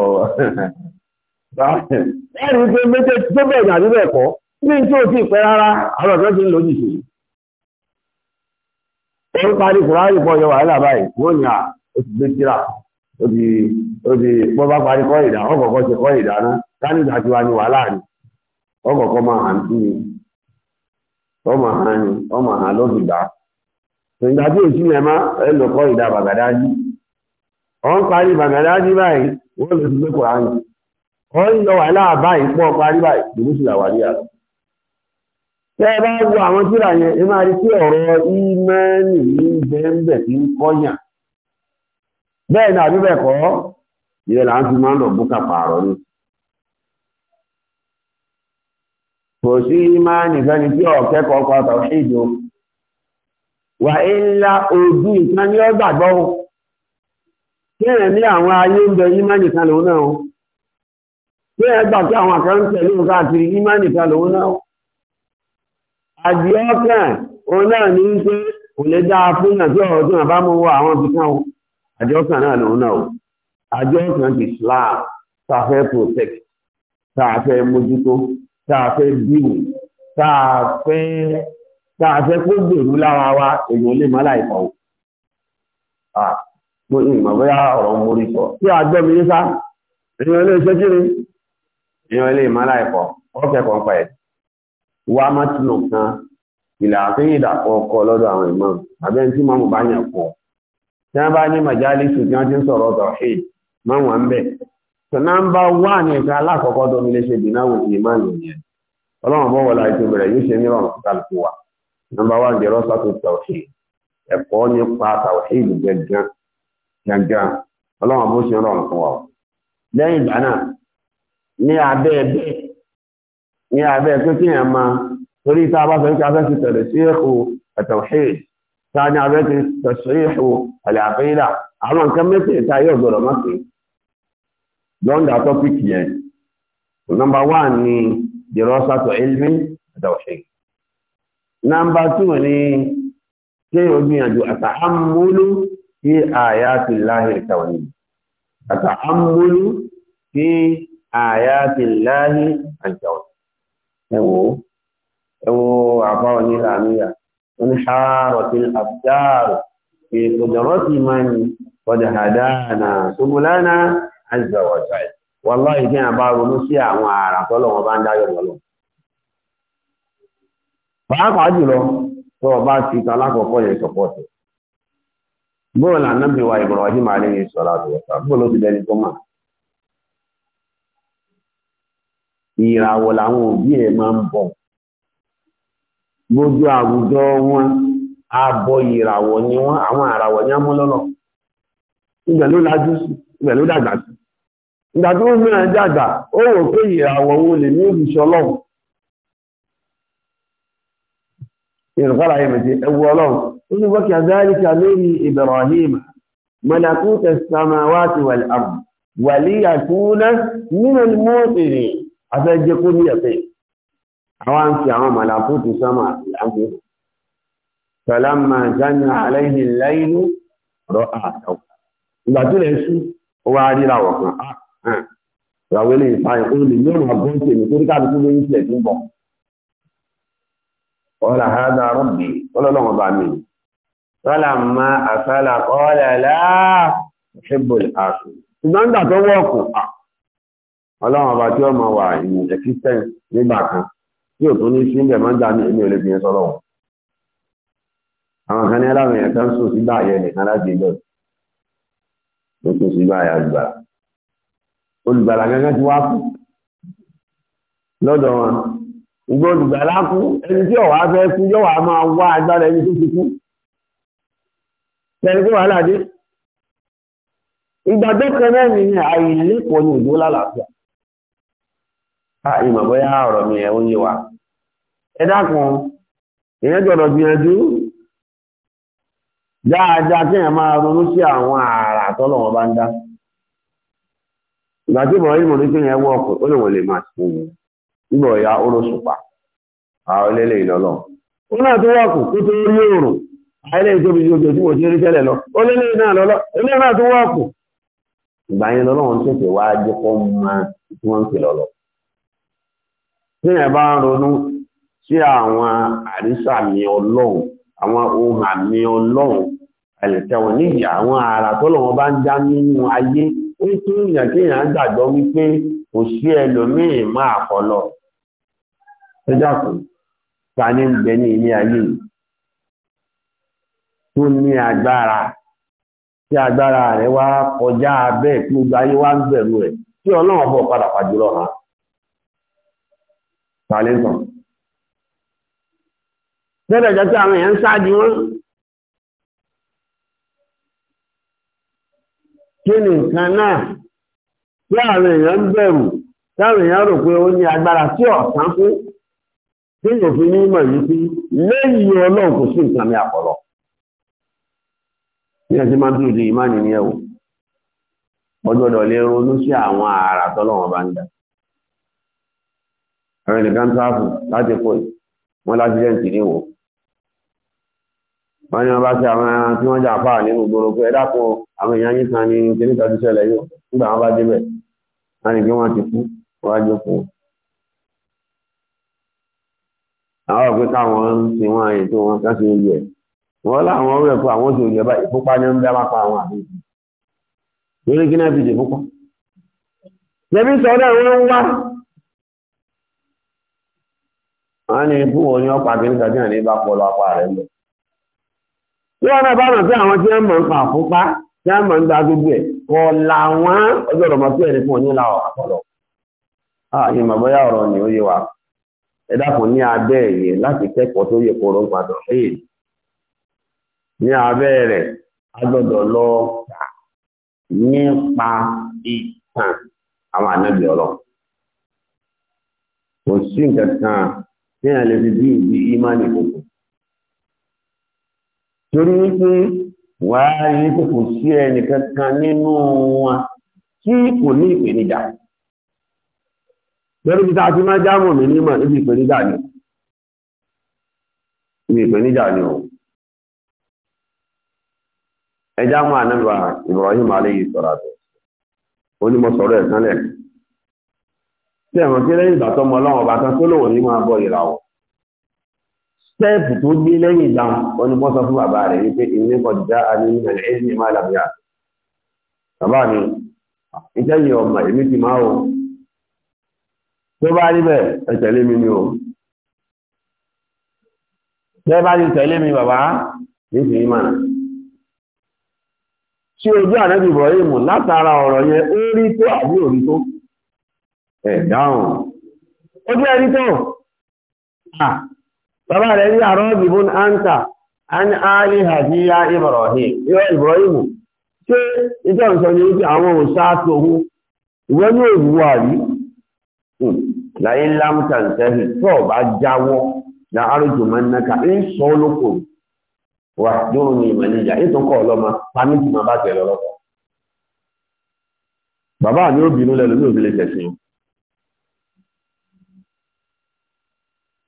ẹ̀rì tó méjèèjì tó bẹ̀rẹ̀ àdúgbò ẹ̀kọ́ ní tí ò sì pẹ́ rárá àwọn ọ̀dọ́ ti ń lò nìṣèlú ó parí kùránì pọ̀ yọ wàhálà báyìí wọ́n ní à ó ti gbé tíra ó ti ó ti bọ́ bá parí kọ́ ìdá ó kọ̀kọ́ kọ́ ìdá náà sáni ìgbà tí wà ní wàhálà ni ó máa hàn sí ni ọ máa hàn ni ó máa hàn ló fi gbà á ìgbà tí èsì yẹn má ẹ lọ kọ́ ìdá bàgàdájì ń parí bàgàdájì báyìí wọ́n lọ gbé ń lọ wàhálà tẹ́ bá wo àwọn tíra yẹn ẹ máa rí sí ọ̀rọ̀ ìmẹ́ẹ̀lì ní bẹ́ẹ̀bẹ̀ tí ń bẹ́ẹ̀ ni àdúbẹ̀ kọ́ ìyẹn là ń fi máa ń lọ pààrọ̀ ni kò sí ìmẹ́ẹ̀lì sẹ́ni tí ọ̀kẹ́kọ̀ọ́ pàtó wà ńlá ojú ìkan ní ọgbàgbọ́ kí ẹ̀ ní àwọn ayé ń bẹ ìmẹ́ẹ̀lì kan lòun náà àwọn àkàrà ń tẹ̀lé òun káàkiri ìmẹ́ẹ̀lì àdìọ́kàn òun náà ní ń pé kò lè dáa fún náà tí ọ̀rọ̀ tí wọ́n bá mú wọ àwọn ibi kan àdìọ́kàn náà lòun náà o àdìọ́kàn ti Islam tá a fẹ́ protect tá a fẹ́ mójútó tá a fẹ́ bíwò tá a fẹ́ tá a fẹ́ kó gbèrú lára wa èèyàn lè má láìpọ̀ o. mo ní ìmọ̀ bóyá ọ̀rọ̀ mórí sọ tí a gbọ́ mi ní sá èèyàn lè ṣe kí ni èèyàn lè má láìpọ̀ ọ̀kẹ́kọ̀ọ́ pa ẹ̀. wá mọ́tínù kan ìlà àkéyìdà kọ̀ọ̀kọ̀ lọ́dọ̀ àwọn ìmọ̀ àbẹ́ tí mọ́mù bá yàn pọ̀ tí wọ́n bá ní màjálísù tí wọ́n ti ń sọ̀rọ̀ ọ̀tọ̀ ṣe mọ́wọ́n ń bẹ̀ tó nọ́mbà wà ní ẹ̀ka alákọ̀ọ́kọ́ tó nílé ṣe yẹn ọlọ́run bọ́ yóò ṣe wà ní abẹ́ pé kí èèyàn máa torí tá a bá sọ pé abẹ́ ti tẹ̀lé sí èkó at-tawhid tá ní abẹ́ ti tẹ̀sí èkó al-aqida àwọn nǹkan mẹ́tẹ̀ẹ̀ta yóò gbọ́dọ̀ má pé lọ́ndà tọ́pìkì yẹn nọ́mbà wán ni dirasatu ilmi at-tawhid tù ni kí o gbìyànjú àtàhámúlú fi àyàtì láhìr tawhid àtàhámúlú fi àyàtì láhìr àjọ̀wọ̀ ẹ wò ó ẹ wo àbá onílàmíyà oníṣàárọ̀tì àbdáàrò ìṣòjọ́rọ́tì máa ń kọjá àdáàna ṣubúlánà àìsàwọ̀jà ẹ̀ wọ́lọ́ ìdí àbá ronú sí àwọn àrà tọ́lọ̀ wọn bá ń dáyọ̀ wọ́lọ́ pàápàá jùlọ tó o bá ti kan lákọ̀ọ́kọ́ yẹn sọ̀pọ̀tì bóòlù ànábìwá Ibrahim alayhi salatu wa sallam bóòlù ti dẹni tó máa ìràwọ̀ làwọn òbí ẹ̀ máa ń bọ̀ gbogbo àwùjọ wọn abọ ìràwọ̀ ni wọ́n àwọn àràwọ̀ ní amúlọ́lọ̀ ibẹ̀ ló lajú sí ibẹ̀ ló dàgbà sí ìgbà tó mìíràn dàgbà ó rò pé ìràwọ̀ wo lè ní òbíṣẹ́ ọlọ́run ìrùkọ́lá yìí mẹ́tí ẹwú ọlọ́run ó ní wọ́kì Ibrahim nínú afẹ́ jẹ́ kó ní ẹ̀fẹ́ àwọn ń fi àwọn màlàkù ti sọ́mà àti sàlámà jánà aláìhìn láìlú rọ àtọ̀ ìgbà tó lè sú ó wá rí ràwọ̀ kan ah, ah. ràwọ̀ lè fa ìkó lè yóò máa rọ̀bì ọlọ́lọ́wọ̀n bá mi sàlámà àsálà kọ́lẹ̀ láà ṣẹ́bùl àṣù ṣùgbọ́n gbà tó wọ́ọ̀kù à ah, ọlọ́run ọba tí ó mọ̀ wà ìmọ̀ existence nígbà kan tí ò tún ní sí ilẹ̀ máa ń dà ní èmi ò lè fi yẹn sọ́rọ̀ wọn. àwọn kan ní aláwọ̀ yẹn kan sùn sígbà ayẹ nìkan láti ilé ló sùn sígbà ayẹ olùgbàlà olùgbàlà gẹ́gẹ́ ti wá kú lọ́dọ̀ wọn ìgbà olùgbàlà kú ẹni tí ọ̀wá fẹ́ kú yóò wá máa wá agbára ẹni tó ti kú tẹ̀lé tó wàhálà dé ìgbàgbọ́ kan náà ni àyìnlẹ́kọ̀ọ́ ni òjò lálàáfíà a ìmọ̀ bóyá ọ̀rọ̀ mi ẹ̀ ń yé wa ẹ gbìyànjú dáadáa tí èèyàn máa ronú sí àwọn ààrà tọ́lọ̀ bá ń dá ìgbà tí ìbọ̀wọ́ ìmọ̀ ní kí èèyàn wọ́ ọkùn ó lè wọ́n lè máa sùn ní ìbọ̀ ìyá àwọn ìlọ́lọ́ ó náà tó kó tó rí òòrùn lọ ó náà tí ẹ bá ń ronú sí àwọn àrísàmì ọlọ́run àwọn ohun àmì ọlọ́run ẹ̀lẹ̀tẹ̀wọ̀n níyà àwọn àrà tọ́lọ́run bá ń já nínú ayé ó tún yàn kí èèyàn gbàgbọ́ wípé kò sí ẹlòmíì máa kù ta ní ń bẹ ní ilé ayé tó ní agbára tí agbára wá kọjá ayé wá ń bẹ̀rù ẹ̀ tí ọlọ́run tàlẹ́ntàn bẹ́ẹ̀ jẹ́ pé àwọn sáà di wọn kí ni nǹkan náà tí àwọn èèyàn ń bẹ̀rù àwọn èèyàn rò pé ó ní agbára tí ọ̀sán fún tí yóò fi ní yìí sí lẹ́yìn ọlọ́run kò sí nǹkan mi ní máa ń dúró di ọjọ́ àwọn ẹnìkan tráfù láti kò wọ́n lásìdẹ́ǹtì níwò wọ́n ní wọ́n bá ṣe àwọn ẹran tí wọ́n jà fáà nínú gbòòrò pé ẹ dákun àwọn èèyàn yìí kan ní kíní kan ti ṣẹlẹ̀ yóò nígbà wọn bá débẹ̀ wọ́n ní kí wọ́n ti kú wọ́n á jókòó àwọn ọ̀pẹ káwọn ń ṣe wọn ètò wọn ká ṣe oyè wọn láwọn ọ̀rẹ́ kó a na ebu onye ọkwa ọ̀pá kí nígbà tí wọ́n ní bá pọlọ apá rẹ̀ lọ. bí wọ́n náà bá mọ̀ sí àwọn tí wọ́n ń pa àfúnpá tí wọ́n la wọ́n ọjọ́ ọ̀rọ̀ mọ̀ sí ẹ̀rí fún onílà ni ó yé wa láti kẹ́kọ̀ọ́ tó yẹ kóró padà ní àlè fi bí ìdí ìmánì kòkò torí wípé wàá rí pé kò sí ẹnìkankan nínú wọn tí kò ní ìpèníjà lórí bí táa ti máa jámọ̀ mi nímọ̀ níbi ìpèníjà ni níbi ìpèníjà ni o ẹjá mọ́ ànábà Ibrahim alayhi sọ̀rọ̀ àtọ̀ ó ní mo sọ̀rọ̀ ẹ̀ sánlẹ̀ tí ẹ̀wọ̀n tí lẹ́yìn ìgbà tọ́mọ ọlọ́wọ̀n bá tán tó lòun ní máa bọ ìràwọ̀ stẹ́ẹ̀pù tó gbé lẹ́yìn ìgbà wọn ni wọ́n sọ fún bàbá rẹ̀ wípé ilé kọjá àní ìrìnàlẹ̀ ẹ̀sìn ní máa làbíyà bàbá mi iṣẹ́ yìí ọmọ èmi ti máa o tó bá rí bẹ́ẹ̀ ẹ tẹ̀lé mi ni o tẹ́ bá ti tẹ̀lé mi bàbá nísìnyí mà ṣé ojú ànábì Ibrahim látara ọ̀rọ̀ yẹn ó rí tó àbí òrí tó ẹ̀dáhùn ó jẹ́ ẹni tó bàbá rẹ̀ ní àrọ́ ìbùn áńtà àní àálì àjíyá Ibrahim yóò Ibrahim ṣe ìjọ ìsọ ni wípé àwọn òṣàtò ohun ìwọ ní hmm. na wà yóò ní ìmọ̀lẹ́jà máa bá bàbá bínú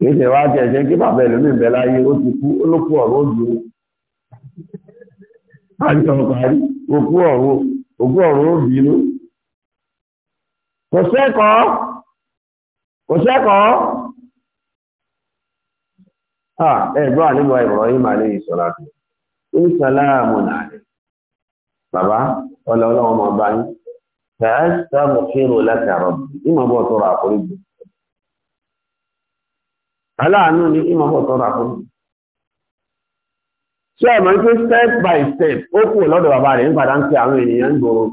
kéde wá jẹjẹ kí bàbá ẹlòmí ń bẹ láyé ó ti kú olókù ọ̀rọ̀ òjò àti ọ̀parí òkú ọ̀rọ̀ òkú ọ̀rọ̀ òbínú kò sẹ́kọ̀ọ́ kò sẹ́kọ̀ọ́ à ẹ̀gbọ́n àníbọ̀ Ibrahim alayhi salatu ní sàlámù nàlẹ́ bàbá ọlọ́ọ̀lọ́wọ́ mọ̀ bá yín tàà sàmùfẹ́rò látàrọ̀ ìmọ̀ bọ̀ tọrọ àforíjì aláàánú ni ìmọ̀bọ̀ tọ́rọ àkọ́ ṣe ẹ̀mọ̀ ní pé step by step ó kú lọ́dọ̀ bàbá rẹ̀ ń padà ń àwọn ènìyàn ń gbòòrò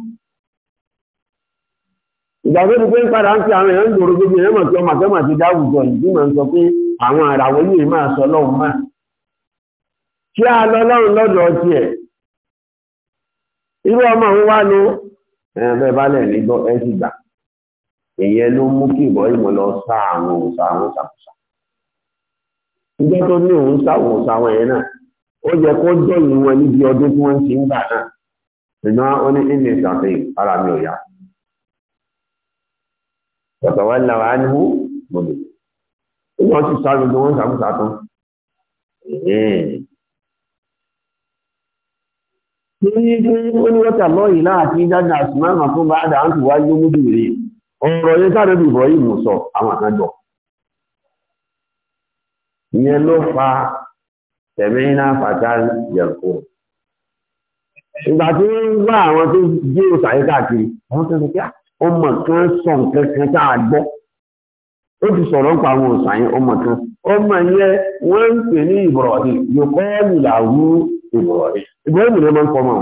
ìgbà tó ti pé ń padà ń àwọn ènìyàn ń gbòòrò gbogbo èèyàn mọ̀ tí ọmọ àti ń sọ pé àwọn yìí máa sọ lọ́hùn máa kí a lọ lọ́dọ̀ ọtí ẹ̀ irú ọmọ òun wá ló ìjẹ́ tó ní òun sáwọn sáwọn ẹ̀ náà ó yẹ kó wọn níbi ọdún tí wọ́n ti ń gbà náà ṣùgbọ́n ó ní ara mi ò yá bàbá wa là wà á níwú gbòdò ó lọ sí sáré tó wọ́n sàmúsà tán Torí pé ó ní wọ́ta lọ́yìn láàfin dáadáa, ṣùgbọ́n àwọn fún bá dáa wáyé ó Ọ̀rọ̀ yẹn sáré yìí mú sọ àwọn ìyẹn ló fa tẹ̀mí iná fàtà yẹ̀kọ́ ìgbà tí wọ́n ń gbá àwọn tó gé òsàyé káàkiri àwọn ọmọ kan sọ nǹkan kan tá a gbọ́ ó ti sọ̀rọ̀ nípa àwọn ọmọ kan ọmọ yẹn wọ́n ń pè ní ìbọ̀rọ̀dì yòókọ́ ìlàwú ìbọ̀rọ̀dì ń tí a mọ̀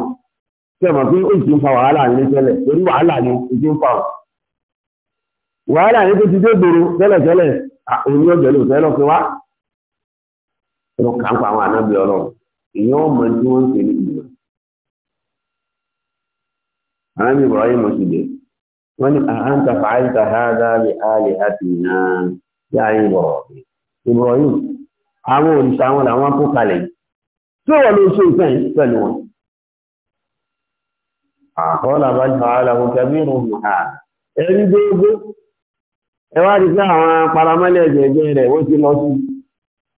pé ó ti fa wàhálà ní tẹ́lẹ̀ torí wàhálà ni ó ti fa wàhálà ló kà ń pa àwọn ànábì ọlọ́run èèyàn ndị tí wọ́n Ibrahim sì dé wọ́n ní àhántà fàáìtà háàdá lè na Ibrahim Ibrahim àwọn òrìṣà wọn làwọn kó kalẹ̀ tí wọ́n ló ṣe ìfẹ́ pẹ̀lú wọn. àkọọ́lá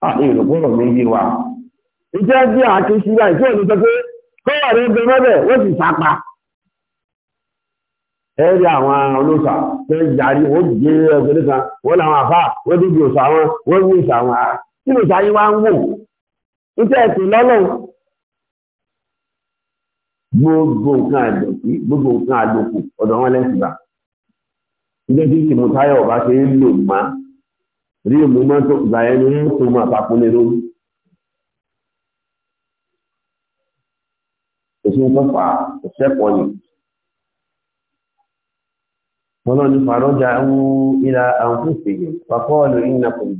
ìrùkúrò ah, mi wa ìjẹ́ bí àti ṣíra ìṣẹ́ ìlú sọ pé kọ́wà rẹ̀ bẹ mọ́bẹ̀ wọ́n sì sápa ẹ̀rí àwọn olóṣà pé jàrí wọ́n gbé ẹgbẹ̀rẹ́ kan wọ́n làwọn àfà wọ́n dìbò òṣà wọn wọ́n ní òṣà wọn kí ló sáyé wá ń wò iṣẹ́ ẹ̀sìn lọ́lọ́ gbogbo nǹkan àdòkí gbogbo nǹkan àdòkù ọ̀dọ̀ wọn lẹ́sìn bá ilé tí ìmùtáyọ̀ ọba ṣe ń lò máa rí òmù máa tó gbà ẹni mú tó máa papò lé lórí. Èsì ń tọ́fà ìṣẹ́kọ̀ọ́ ni. Wọ́n náà ní fàrọ́jà ń ilà àǹfùsèyí, pàpọ̀ ọ̀lù ìnàkùn.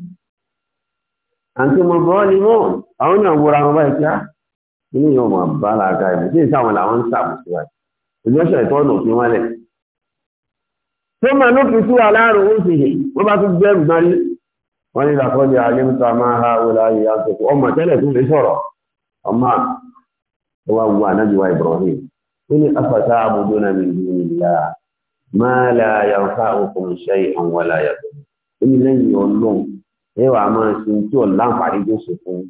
Àǹtí mo bọ́ ni mọ́, àwọn yàn wúra wọn báyìí kíá. Inú yóò máa bá làákà ìmọ̀ tí ìsáwọn làwọn ń sàbùsù wáyé. Ìjọ́sọ̀ ìtọ́nù òfin wálẹ̀. Tó máa ló fi tú aláàrùn ó sì hì, wọ́n bá tún gbẹ́rù náà wọ́n ní ìlàkọ́jì àlẹ́mùta máa ha wọlé ayé àtòkù ọmọ tẹ́lẹ̀ tún lè sọ̀rọ̀ ọmọ ẹwà gbogbo ànájúwà Ibrahim ó ní afata abudu na mi ní ìlà máa la yàrá òkun ṣe àwọn aláyàtọ̀ ó ní lẹ́yìn ọlọ́run ẹwà máa ṣe tí ò láǹfààní tó ṣe fún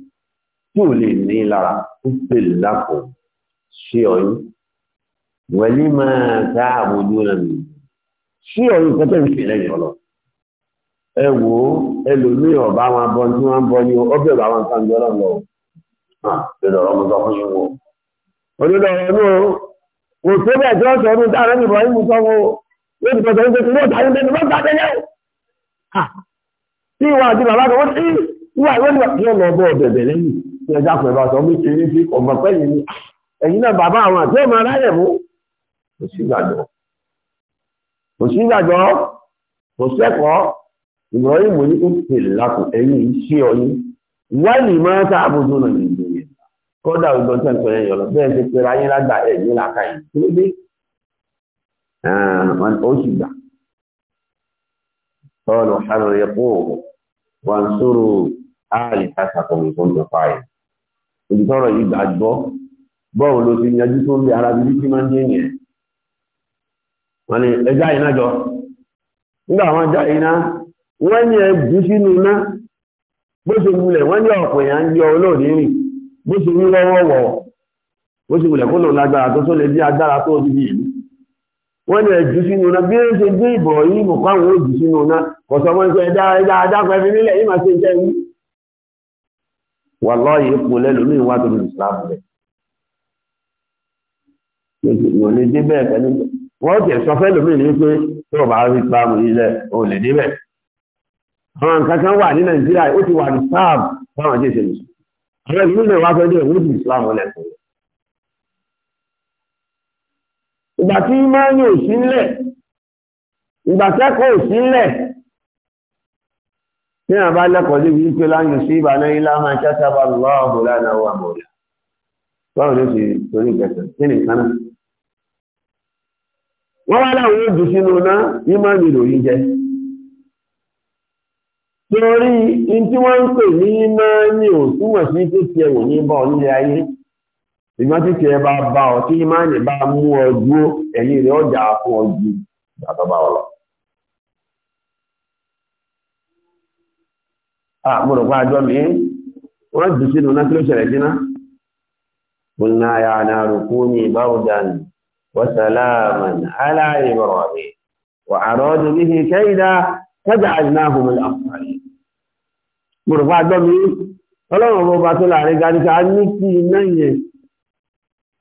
tí ò lè ní lára ó pè lápò ṣe ọyún wẹ̀lí máa ta abudu na mi ṣe ọyún kẹtẹ́ ń fi lẹ́yìn ọlọ́run ẹ wò ó ẹlòmíì ọ̀bá wọn bọ tí wọ́n ń bọ ní ọbẹ̀ bá wọn sáà ń jọ́lọ́ lọ lọ́dọ̀ ọmọ sọ fún yín wò. onídọ̀ ọ̀rọ̀ ní o kò tó bẹ̀ tí wọ́n sọ ní dára ní ìbọn yìí sọ fún o yóò ti pẹ̀sẹ̀ nípa ìwọ́n tàbí nípa ìwọ́n tàbí yẹn. tí ìwà àti bàbá kan wọ́n ti ìwà ìwọ́n ni wọ́n lọ bọ ọ̀bẹ̀bẹ̀ lẹ́yìn tí ẹja pẹ̀ bá sọ mí kiri sí ọmọ pẹ́yìn ni ẹ̀yin náà bàbá àwọn àti ọmọ aráyẹ̀ mú kò sí ìgbàjọ́ Ibrahim ní ìpìlẹ̀ lápò ẹ̀yìn iṣẹ́ ọyún wọ́n lè máa sáàbùdó náà ní ìlú yẹn kọ́dà ọgbọ́n tó ń sọ yẹn yọ̀lọ̀ bẹ́ẹ̀ ṣe pé ráyé lágbà ẹ̀yìn làkà yìí kí ló dé ó sì gbà tọ́lù ṣàrò yẹ kó wọn sọ̀rọ̀ áàlì tàṣàkọ̀ nǹkan tó pa ibi tọ́rọ̀ ara wọ́n ní ẹbí sínú iná bó ṣe wulẹ̀ wọ́n ní ọ̀pọ̀ èèyàn ń yọ olóòdì rìn bó ṣe wí so bó ṣe adara kó lágbára tó tó lè bí agbára tó ti bí ìlú wọ́n ní ẹbí sínú iná bí ó ṣe gbé ìbọ̀ yìí mọ̀ sínú iná kò sọ ẹ̀dá ẹ̀dá nílẹ̀ yìí máa ṣe iṣẹ́ yìí ipò lẹ́lòmíì wá tó ìsìlámù rẹ̀ àwọn kankan wà ní nàìjíríà ó ti wà ní sáàbù fáwọn àti ìṣèlú àwọn ìlú náà wá fẹ́ẹ́ dé ìwé ìdí islam ọ̀lẹ̀ fún un. ìgbà tí imáyé ò sí nílẹ̀ ìgbà kẹ́kọ̀ọ́ ò sí nílẹ̀ ní àbá lẹ́kọ̀ọ́ débi wípé láyé sí ìbàlẹ̀ ilá máa kẹ́sàbà lọ́ọ̀bù lánàá wà mọ̀ọ́lá báwo ló ti torí ìgbẹ̀sẹ̀ kí ni kan náà wọ́n wá láwọn ojú sínú náà imáyé ìròyìn jẹ́ torí in tí wọ́n ń pè ní ìmáàní ò túmọ̀ sí tó ti ẹ̀wò ní bá onílé ayé ìgbọ́n tí tiẹ̀ bá bá ọ tí ìmáàní bá mú ọ dúró ẹ̀yìn rẹ̀ ọjà fún ọ ọ lọ. a mo rò pé mi jù sínú náà ṣẹlẹ̀ síná. gbòrògbà gbọ́mi ọlọ́run ọmọ ọba tó láàrin garíta ní kí iná yẹn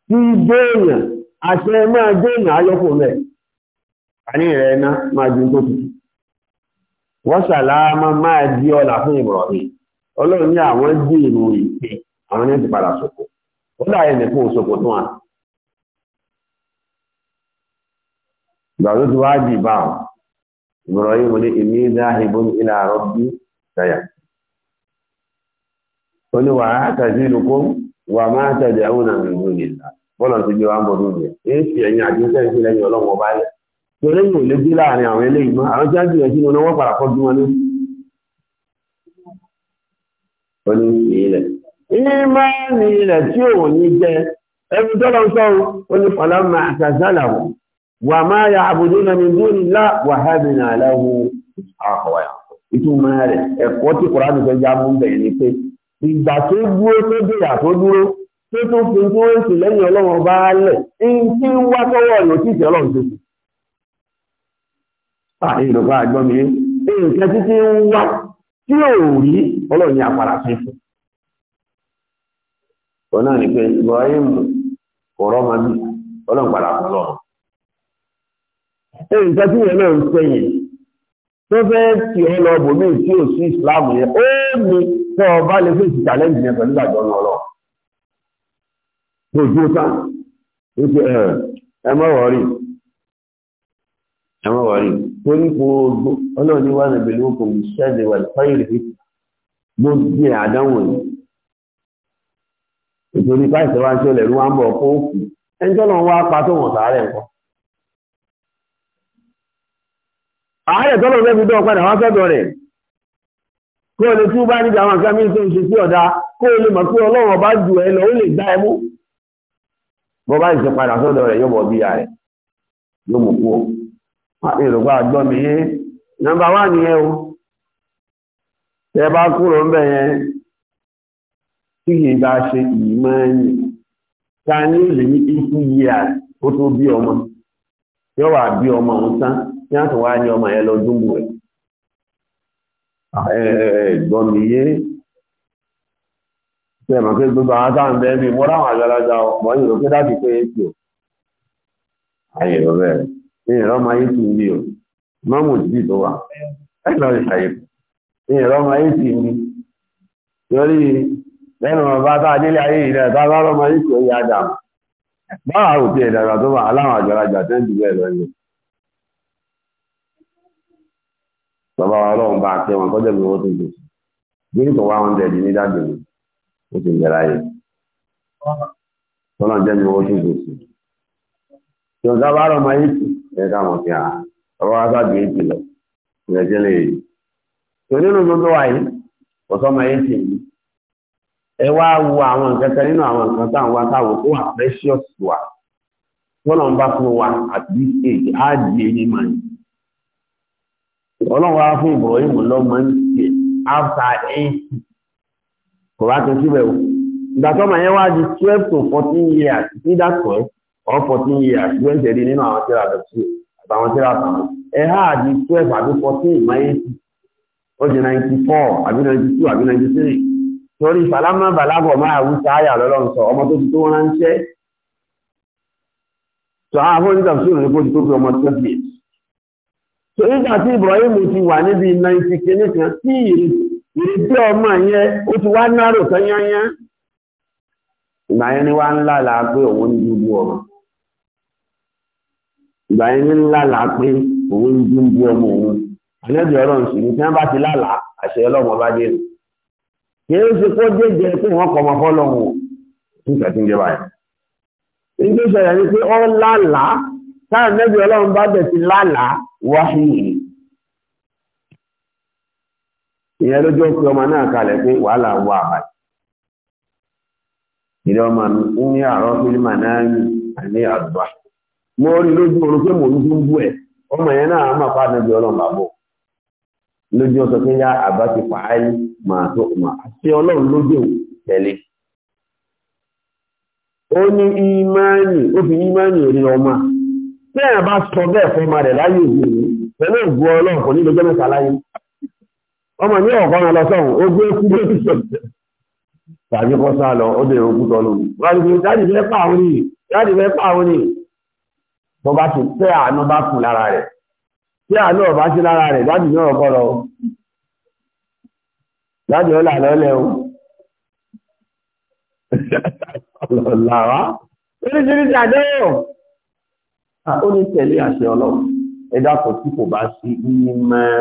tí déèyàn àṣẹ máa déèyàn ayọ́kò rẹ̀ àní rẹ̀ iná máa di tó tutù wọ́n máa di ọlà fún ọlọ́run ní àwọn dèrò ìpè àwọn ní ti padà sọ̀kò ó láàyè nìkan òṣòkò tó wà ìgbà ó ní wàá àtàjì ìlúkó wà máa tẹ̀lé ẹ̀hún àmì ìlú nìta bọ́lá ti gbé wa ń bọ̀ lóde ẹ̀ ń fi ẹ̀yìn àti ń tẹ̀sí lẹ́yìn ọlọ́run ọba yẹn torí yìí ò lè bí láàrin àwọn eléyìí wà máa ya àbùdó náà ní dúró nílá wàhábì náà aláwo ìtumọ̀ rẹ̀ ẹ̀kọ́ tí kùránì fẹ́ já mú bẹ̀rẹ̀ ni pé ìgbà tó dúró tó dìrà tó dúró tó tó fi tó ń sì lẹ́yìn ọlọ́run bá lẹ̀ ń tí ń wá tọ́wọ́ ọ̀nà tí ìṣẹ́ ọlọ́run tó ah, mi nǹkan títí ń wá tí ò rí ọlọ́run ní apara sí fún. náà ni pé Ibrahim bí ọlọ́run padà fún Nǹkan tí ìyẹn náà ń tó ọba lè fún challenge yẹn pẹ̀lú àjọ ọ̀nà ọ̀lọ́ ojú ká wípé ẹ ẹ mọ́ wọ́rí ẹ mọ́ wọ́rí ní ìbẹ̀lú kò ní ṣẹ́ẹ̀dẹ̀ wà lẹ́yìn rẹ̀ gbogbo àdánwò yìí ìtorí káìsẹ̀ wá ń ṣẹlẹ̀ ló wá bọ̀ kó kù ẹjọ́ náà wá pa tó wọ̀n sàárẹ̀ nǹkan. àárẹ̀ fẹ́ fi rẹ̀ kó o lè tí ó bá níbi àwọn nǹkan mìíràn tó ń ṣe sí ọ̀dá kó o lè mọ̀ pé ọlọ́run ọba jù ẹ lọ ó lè gbá ẹ mú bọ́ bá ìṣe padà sọ́dọ̀ rẹ̀ yóò bọ̀ bí ara rẹ̀ yóò mú kú ọ ìrògbà àgbọ́ mi yé nọ́mbà wà nìyẹn o tẹ bá kúrò ń bẹ̀ yẹn tí kì í bá ṣe ìmọ̀ ẹ̀yìn ta ní ìlú ní ikú yìí à ó tó bí ọmọ yóò wà bí ọmọ òun tán yàtọ̀ wá ní ọmọ yẹn lọ dúnbù rẹ̀ ẹ̀gbọ́n eh, mi yé ṣe mọ̀ pé gbogbo àwọn tá à ń bẹ́ àgbàlagbà ọ̀pọ̀ yìí ló pé láti pé o ayé ló bẹ̀rẹ̀ ayé o mọ́mù tó wà ẹ̀ ayé torí lẹ́nu ọba tá a délé ayé tá a bá rọ́mọ ayé yá dà tó wà tọba wa ọlọ́run bá tẹ wọn kọjá bí wọ́n ti dùn tó wá hundred ní dájú mi ó ti yẹra yẹ tọ́lá jẹ́ mi tó dùn tí wọ́n sábà rọ̀ máa wa sábà lọ lè tó nínú gbogbo wa yìí kò ẹ wá wo àwọn nǹkan nínú àwọn nǹkan wá tó wà wa at á di ẹni màá yìí. ọlọ́run wá fún Ibrahim lọ́mọ ní ṣe after eight kò wá tó síbẹ̀ o ìgbà tó máa yẹn wá di twelve to fourteen years sí dàtọ̀ ẹ̀ or fourteen years ló ń tẹ̀lé nínú àwọn tíra àbẹ̀ sí àtàwọn há di twelve àbí fourteen máa yẹn sí ó di ninety four àbí ninety two àbí ninety three torí sàlámà bàlábọ̀ máa wú sáyà lọ́lọ́run sọ ọmọ tó ti tó ránṣẹ́ sọ àwọn afọ́nìtàn sí ìròyìn tó bí ọmọ twenty Torígbà tí Ibrahim ti wà níbi 90 kìnnìkan tí ìrètí ọmọ yẹn ó ti wá nárò tán yányá. Ìgbà yẹn ni wá ń lálà pé òun ń dúdú ọmọ. Ìgbà yẹn ni ń lálà pé òun ń dúdú ọmọ òun. Àlejò ọ̀rọ̀ ń sùn ní tí wọ́n bá ti lálà àṣẹ ọlọ́mọ bá dé nù. Kìí ṣe kó jẹ́jẹ́ pé wọ́n kọ̀ ọmọ fọ́lọ́hùn nígbà ń jẹ báyìí. Ìgbésẹ̀ rẹ̀ ni pé ọ́ lálàá táà nẹ́bí ọlọ́run bá bẹ̀ sí lálàá wáhìí ìyẹn lójú ó pé ọmọ náà kalẹ̀ pé wàhálà wà àbáyé ìdí ọmọ ní àárọ̀ fílímà náà ní àní àdúrà mo rí lójú oorun pé mò ń dún bú ọmọ yẹn náà ọlọ́run bá bọ̀ ọsọ pé yá àbá ti màá tó mà ọlọ́run lójú tẹ̀lé ó tí ẹ̀ bá sọ bẹ́ẹ̀ fún ìmọ̀ rẹ̀ láyé ìwé pẹ̀lú ìgbó ọlọ́run kò nílò jẹ́mẹ́ta láyé ọmọ ní ọ̀kan lọ sọ́run ó gbé kú lórí sọ̀tẹ̀ tàbí kọ́ sá lọ ó bèèrè òkú tọ́lù wọ́n jáde fẹ́ pàwọn ní jáde fẹ́ pàwọn ní tó bá ti tẹ́ àánú bá kù lára rẹ̀ tí àánú ọ̀bá sí lára rẹ̀ jáde ní ọ̀kọ́ lọ jáde ọ̀là lọ́lẹ̀ o oríṣiríṣi àdéhùn Ah, ó ní tẹ̀lé àṣẹ ọlọ́run ẹ̀dá kan tí kò bá sí ní máa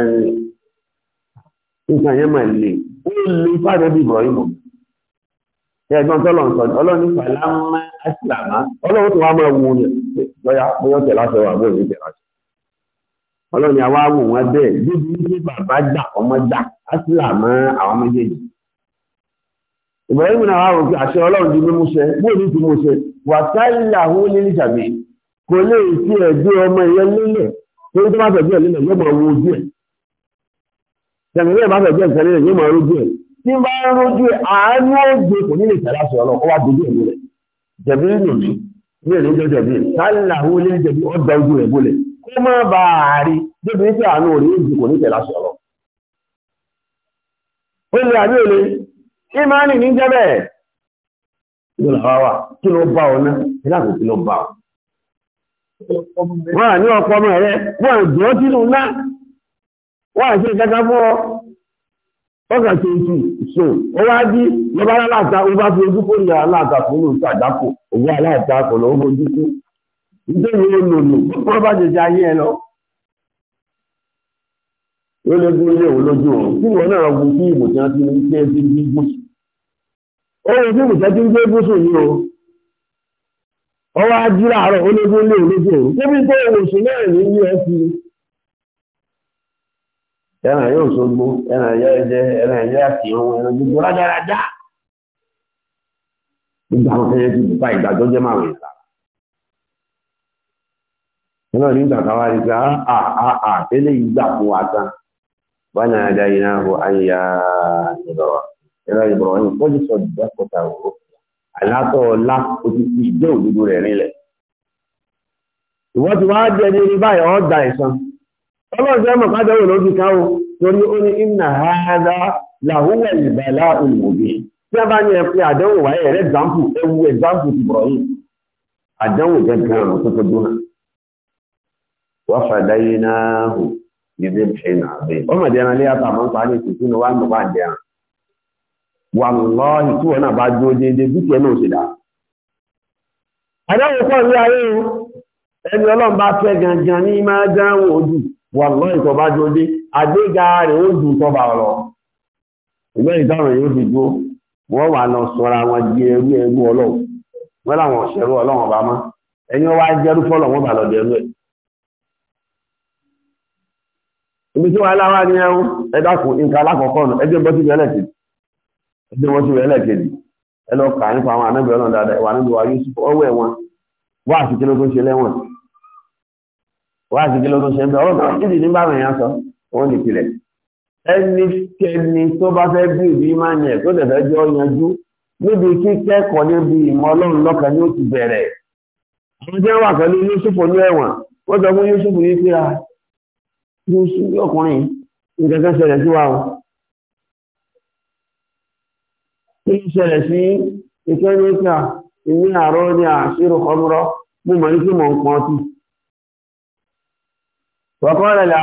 rìn nǹkan yẹn máa lè ó lè fáre bí Ibrahim ẹ̀gbọ́n tọ́lọ̀ ń sọ ní ọlọ́run nípa lámá àṣìlámá ọlọ́run tó wá máa wù ní bóyá bóyá tẹ̀lé àṣẹ wà bóyá tẹ̀lé àṣẹ ọlọ́run ni àwa wò wọ́n bẹ́ẹ̀ bíbí ní bàbá gbà ọmọ gbà àṣìlámá àwọn méjèèjì Ibrahim náà wà wò pé àṣẹ ọlọ́run ti mímú ṣẹ bóyá ti mú ṣẹ wà sáyà ó kò lè ti ẹ̀gbẹ́ ọmọ ìyẹn lélẹ̀ torí tó bá fẹ̀ díẹ̀ lélẹ̀ yóò máa wo ojú ẹ̀ tẹ̀lé bá fẹ̀ díẹ̀ tẹ̀lé yóò máa rojú ẹ̀ tí bá ń rojú ẹ̀ àánú ògbé kò ní lè tẹ̀lé aṣọ ọlọ́ ọ wá dojú ẹ̀ lélẹ̀ jẹ̀bi nínú mi ní èrè jọ jẹ̀bi sálà wo lé jẹ̀bi ọ da ojú ẹ̀ bólẹ̀ kó má ba àárí débi tí àánú òrí èjì kò ní tẹ̀lé aṣọ ó lè àbí òle ìmánì ní jẹ́bẹ̀ kí ló bá ọ ná ìlànà kí ló bá ọ wọ́n à ní ọkọ ọmọ rẹ̀ wọ́n àjọ sínú ńlá wọ́n àṣẹ ìkẹta fún ọ ọkà tó ń so ó wá dí lọ́ba aláta ó bá fi ojú kó ní aláta fún òun sàdápò òun aláta kò lọ́wọ́ ojú kú nítorí ó lò lò wọ́n bá jẹjẹ ayé ẹ lọ. ó lé gún ilé òun lójú òun tí wọn náà gun sí ìbò tí wọn ti ń gbé sí gbígbó. ó lè fún ìbùsẹ́ tí ń gbé gbósùn yìí o. ọwọ́ ají láàárọ̀ ológun lé ológun òru níbi tó oṣù náà ya usc ẹran yóò ṣogbo ẹran yóò jẹ ẹran ya ya ohun ẹran ya rájárájá gbogbo àwọn a a a tẹ́lẹ̀ ìgbà fún wa ya ìbọ̀wọ̀ ẹlọ́ ìbọ̀wọ̀ ní kọ́jú sọ ìgbà àlátọ̀ ọlá òtítí ìjẹ́ òdodo rẹ̀ rinlẹ̀ ìwọ́n ti wá jẹ́ ní orí báyìí ọ̀dà ìsan ọlọ́run jẹ́ mọ̀ kájọ́ òun lójú káwọ́ torí ó ní ìnà àádá làwúwẹ̀ ìbàlá olùwòbí tí a bá ní ẹ̀fẹ́ àdánwò wáyé rẹ̀ ẹ̀dáǹpù ẹwu ẹ̀dáǹpù ti bọ̀ wọ́n fàdáyé náà hù ní ọmọdé ẹran lé àtàwọn pa ní ìsìnkú ni wọ́n á mọ̀ bá ń wàlọ́ọ̀hì tí wọ́n náà bá jó dédé dúkìá náà ṣe dá. Àdáwò pọ̀ ní ayé o, ẹni ọlọ́run bá fẹ́ gangan ní máa dáhùn ojú, wàlọ́ọ̀hì tó bá jó dé, àgbéga rẹ̀ ó dùn tó bá lọ. Ìgbẹ́ ìdáhùn yóò fi dúró, wọ́n wà lọ sọ́ra wọn di ẹrú ẹrú ọlọ́run. Wọ́n láwọn ọ̀ṣẹ̀rú ọlọ́run ọba mọ́. Ẹni wọ́n wá jẹ́rú fọ́lọ̀ wọ́n bà lọ dẹrú ẹ̀. Ibi tí wàá láwá ni ẹ ẹjọ́ wọ́n ti rẹ̀ lẹ́kẹ̀ẹ́dì ẹ lọ kà nípa àwọn anábì ọlọ́run dáadáa ìwà níbi wa Yusuf ọwọ́ ẹ̀ wọn wá àti kí ló tó ṣe lẹ́wọ̀n wá àti kí ló tó ṣe ń bẹ ọlọ́run ìdí ní báwọn èèyàn sọ òun ní ìpìlẹ̀ ẹnikẹ́ni tó bá fẹ́ bí ìbí máa ń yẹ tó dẹ̀ fẹ́ jọ yanjú níbi kíkẹ́kọ̀ọ́ níbi ìmọ̀ ọlọ́run lọ́kàn ni ó ti bẹ̀rẹ̀ àwọn jẹ́ wà pẹ̀lú Yusuf ní ẹ̀wọ̀n wọ́n sọ fún Yusuf yìí pé ah, ọkùnrin nǹkan kan ṣẹlẹ̀ sí wa o kí n ike sí ìkẹ́míkà ìní àárọ̀ ní àṣírò ọmọrọ̀ mú mọ̀ ní kí mọ̀ ń pọ̀ sí. wọ́kọ́rẹ̀lẹ̀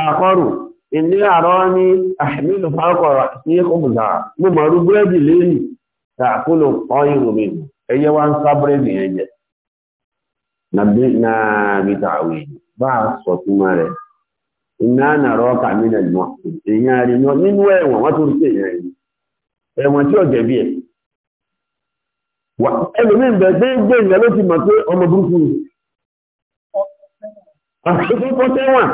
ìní àárọ̀ ní àṣìmílù fákọ̀rọ̀ sí kọmùdà mú mọ̀ rú búrẹ́dì lẹ́yìn tààkùlù ọyìn a sọ túmọ̀ rẹ̀ na ẹ̀wọ̀n wọ́n tó rí sí ẹ̀wọ̀n tí ẹlòmíì ń gbé gbé ìyá ló ti mọ̀ pé ọmọ burúkú ni àkókò kọ́ sẹ́wọ̀n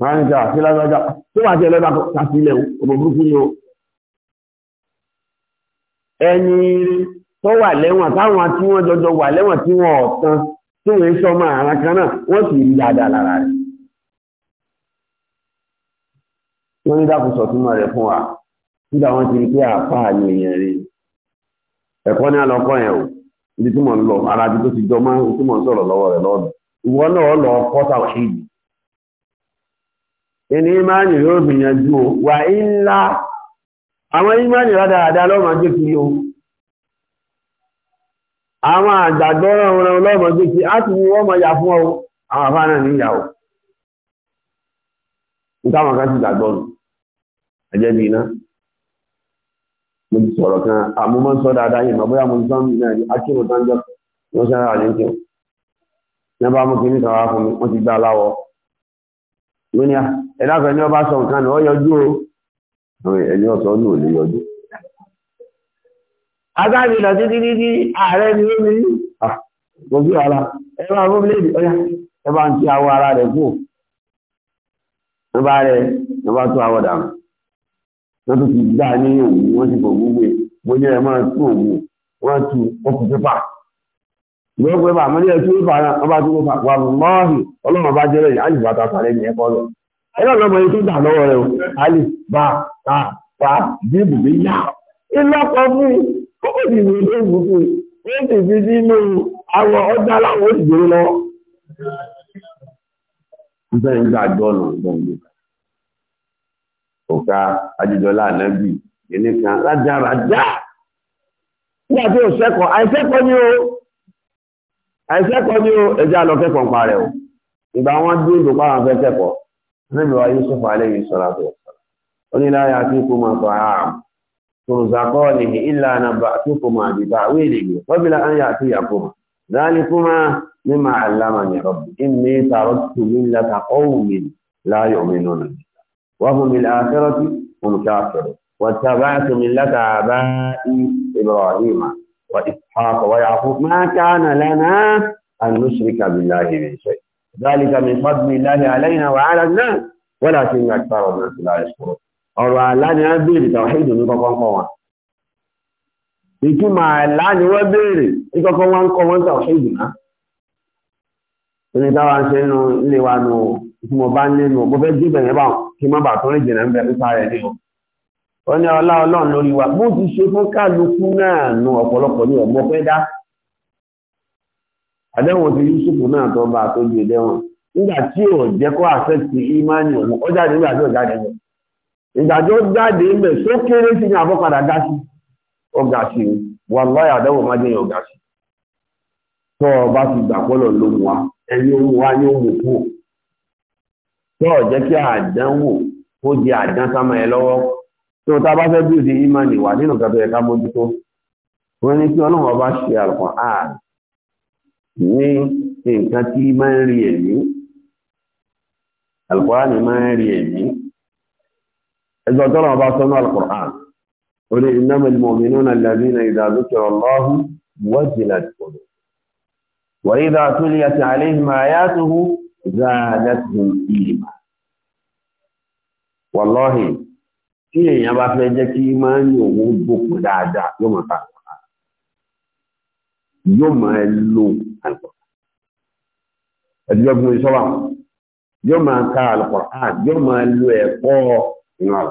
máa ń jà sí lágbájá tó bá ti ẹlẹ́bà kàtí ilẹ̀ ọmọ burúkú ni o ẹni tó wà lẹ́wọ̀n táwọn tí wọ́n jọjọ wà lẹ́wọ̀n tí wọ́n ọ̀tán tó wọ́n sọ ọmọ àrà kan náà wọ́n sì rí dáadáa lára rẹ̀ wọ́n ní dákùsọ̀ túmọ̀ rẹ̀ fún wa nígbà wọ́n ti rí pé àáfàá ni èèyàn rèé ẹ̀kọ́ ní alọ́kọ́ yẹn o ibi tí mo lọ ara ibi tó ti jọ máa ń náà lọ kọ́ tàwọn èyí ẹni ìmáàni yóò gbìyànjú o wà ńlá àwọn ìmáàni rádáradá lọ́mọ jẹ́ kiri o àwọn àgbàgbọ́ ọ̀rọ̀ lọ́mọ jẹ́ kiri á ti ní wọ́n mọ̀ yà fún ọ àwọn náà nítawọn kan mo ti sọ̀rọ̀ kan àmọ́ máa ń sọ dáadáa yìí màbóyá mo ti sọ mí náà ní akérò tánjọ́ wọ́n ṣe ara yẹn kírun ní wọ́n bá mú kinní kan wá fún mi wọ́n ti gbá aláwọ̀ lónìí ẹ̀dá kan ní wọ́n bá sọ nǹkan náà ó yọjú o ẹni ọ̀sọ́ ní ò lè yọjú. agbáàbí lọ títí títí ààrẹ ni ó ní mo bí ara ẹ bá fún bíléèdì ọyá ẹ bá ń ti awọ ara rẹ kú ẹ bá rẹ ẹ bá tún awọ dànù wọ́n tún ti gbá ní òun wọ́n ti bọ̀ gbogbo ẹ̀ bóyá ẹ máa tún òun wọ́n tu ọkùn pépà ìwé pépà mọ́ni tún pépà wọ́n bá tún pépà wà lọ́ọ̀hì ọlọ́run bá jẹ́rẹ̀ yìí àlìbá ta sàrẹ́ ní ẹ̀kọ́ lọ ẹ̀rọ lọ́mọ yìí tó dà lọ́wọ́ rẹ o àlì bá ta fa bíbù mi yá ìlọ́kọ̀ fún kókò sì ní ilé ìwò fún wọ́n sì fi òka ajíjọlá ànábì ìní kan rájàrájà nígbà tí ò sẹ́kọ̀ọ́ àìsẹ́kọ̀ọ́ ni ó àìsẹ́kọ̀ọ́ ni ó ẹjẹ́ àlọ́kẹ́kọ̀ọ́ pa rẹ̀ o ìgbà wọn dé ìdò pa àwọn afẹ́kẹ́kọ̀ọ́ níbi wa Yusuf alayhi salatu wassalam ó ní láyé àti ikú máa sọ ààm tòrùzàkọ́ ni ìlànà bá tí kò máa dìbà wíìlì fọ́bílà ń yà àti ìyàkó mà ذلكما مما علمني ربي إني تركت ملة قوم لا يؤمنون به وهم بالآخرة هم كافرون واتبعت ملة آباء إبراهيم وإسحاق ويعقوب ما كان لنا أن نشرك بالله من شيء ذلك من فضل الله علينا وعلى الناس ولكن أكثر الناس لا يشكرون ọ̀rọ̀ àlá ni wọ́n béèrè tàwàhídù ní kọ́kọ́ kọ́ wọn ìtumọ̀ àlá ni wọ́n béèrè ní kọ́kọ́ wọn kọ́ wọn tàwàhídù náà tí mo bá nínú mo fẹ́ jí bẹ̀yẹn bá kí má bà tó rí jìnà ń bẹ pípa rẹ̀ ní o ó ní ọlá ọlọ́run lórí wa bó ti ṣe fún kálukú náà nu ọ̀pọ̀lọpọ̀ ní ọmọ fẹ́ dá àdéhùn ti Yúsùfù náà tó bá tó ju ìdẹ́wọ̀n nígbà tí ò jẹ́ kó àfẹ́tì ìmánì òun ó jáde nígbà tí ò jáde lọ ìgbà tí jáde ń bẹ̀ só kéré sí ní àbọ̀padà dá sí ó ga sí i wà lọ́yà àdéhùn má jẹ́yìn ó sí i tó o bá ti gbà pọ́lọ̀ ló mu wa ẹni ó mu wa ni ó mu kú tó ọ̀jẹ́ kí àdánwò ó di àdán sámọ́ ẹ lọ́wọ́ tó tá bá fẹ́ bíòdì ìmánì wà nínú kan tó yẹ ká mójútó wọ́n ní kí ọlọ́run ọba ṣe àlùkàn á ní nǹkan tí máa ń rí ẹ̀mí àlùkùránì máa ń rí ẹ̀mí ẹjọ́ tọ́lọ́run bá sọ́nú àlùkùrán ó ní innamal mu'minuna alladhina idha dhukira Allahu wajilat qulubuhum wa idha tuliyat alayhim ayatuhu zádàtún ìlìmà wàlọ́hì tí èèyàn bá fẹ́ jẹ́ kí máa ń yóò wó gbòkùn dáadáa yóò mọ̀ tààkùnà yóò mọ̀ ẹ lò àlùkùnà ẹ̀dùjọ́gbọ̀n ìṣọ́wà yóò máa ka àlùkùnà yóò máa lo ẹ̀kọ́ ìran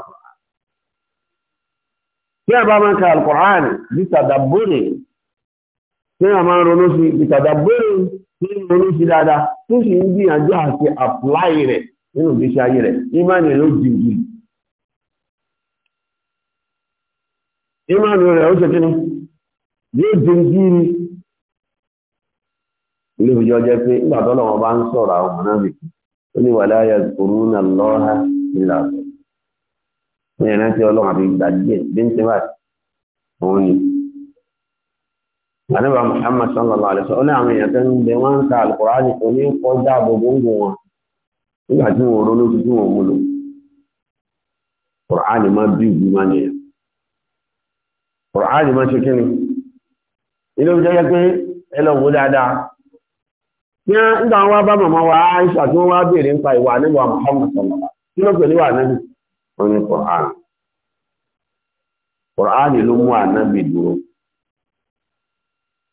a bá máa ka nínú oríṣi dáadáa tó sì ń gbìyànjú àti àpláì rẹ̀ nínú ìgbésí ayé rẹ̀ ìmánu rẹ̀ ó jìnjìn ìmánu rẹ̀ ó ṣe kí ni yóò jìnjìn ni ilé ìjọ jẹ́ pé nígbà tó lọ́wọ́ bá ń sọ̀rọ̀ àwọn ọmọ náà nìkan ó ní wàlá ayé òun lọ́ha nílà ní ìrántí ọlọ́run àti ìgbà díẹ̀ bí ń ṣe báyìí òun ni àníbà Muhammad sallallahu alaihi wasallam ó ní àwọn ka Al-Qur'ani kò ní kọjá gbogbo wọn nígbà tí wọn ronú sí tí wọn mú Qur'ani máa bí ìlú máa Qur'ani máa ṣe kí ni ilé ìjọ yẹ pé wa Aisha Muhammad sallallahu Qur'ani Qur'ani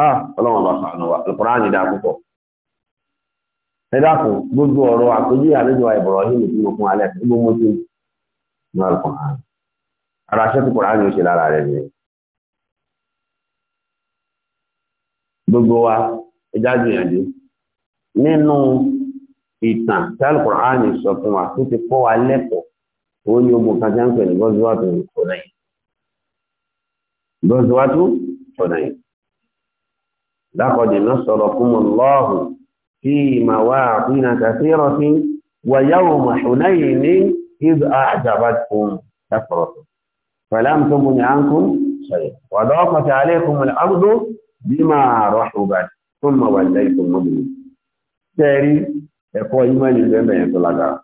Ah, ọlọ́wọ́n bá sàánú wa alukọ̀rán ni dáa púpọ̀ ẹ dákun gbogbo ọ̀rọ̀ àpèjì àlejò àìbọ̀rọ̀ yìí lè dúró fún alẹ́ gbogbo mo ti ní alukọ̀rán ara ṣẹ́ tí kọ̀rán yóò ṣe lára rẹ̀ nìyẹn gbogbo wa ẹjá gbìyànjú nínú ìtàn tí alukọ̀rán ni sọ fún wa tó ti kọ́ wa lẹ́kọ̀ọ́ òun ni ogun kan ń pè ní gọ́zùwàtú ọ̀nà yìí gọ́zùwàtú ọ̀nà yìí. لقد نصركم الله في مواطن كثيرة ويوم حنين إذ أعجبتكم كثرتكم فلم تغن عنكم شيئا وضاقت عليكم الأرض بما رحبت ثم وليتم مدبرين tẹ́rí ẹ̀kọ́ ìmọ̀lì bẹ́ẹ̀ yẹn tó lágbára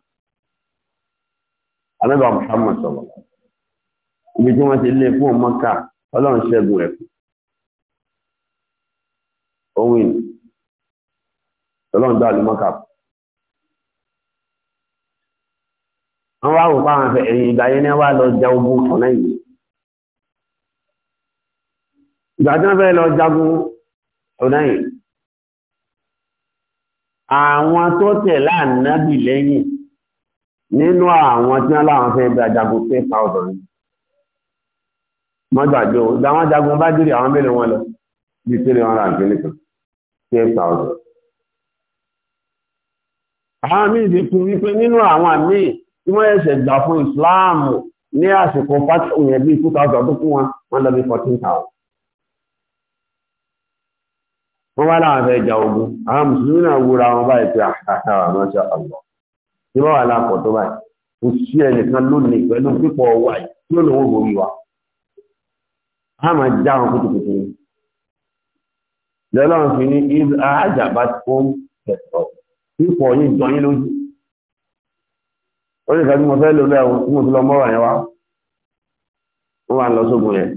anábà Muhammad sọ̀rọ̀ ibi tí wọ́n ti lé fún ọmọ ká ọlọ́run ṣẹ́gun ẹ̀kọ́ ohun ìlú ọlọ́run dá àlùmọ́kà wọ́n wá wò páwọn afẹ́ ẹ̀yìn ìgbà yẹn ní wá lọ jagun ọ̀nà yìí ìgbà tí wọ́n fẹ́ lọ jagun ọ̀nà yìí àwọn tó tẹ̀ láàánábì lẹ́yìn nínú àwọn tí wọ́n láwọn fẹ́ gba jagun pé pa ni wọ́n o ìgbà wọn jagun bá dìrì àwọn mélòó wọn lọ bíi tẹ́lẹ̀ wọn ra nǹkan nìkan ten thousand. àwọn míì ti fi wípé nínú àwọn àmì tí wọ́n ṣẹ̀ṣẹ̀ gbà fún Islam ní àsìkò fásitì yẹn bíi two thousand tó fún wọn wọ́n lọ bí fourteen thousand. wọ́n wá láwọn fẹ́ jà ogun àwọn mùsùlùmí náà wúra wọn báyìí pé àtàwọn àmọ́ṣe ọ̀gbọ́n tí wọ́n wà lápọ̀ tó báyìí kò sí ẹnìkan lónìí pẹ̀lú pípọ̀ wà tí ó lówó borí wa. a máa já wọn kútùkù lọ́lọ́run fi ní ìlú àjàbá tó ń tẹ̀sọ̀ pípọ̀ yìí jọyín lójú ó lè kájú mo fẹ́ lò lẹ́wọ̀n tí mo ti lọ mọ́rọ̀ yẹn wá ó wà lọ sógun yẹn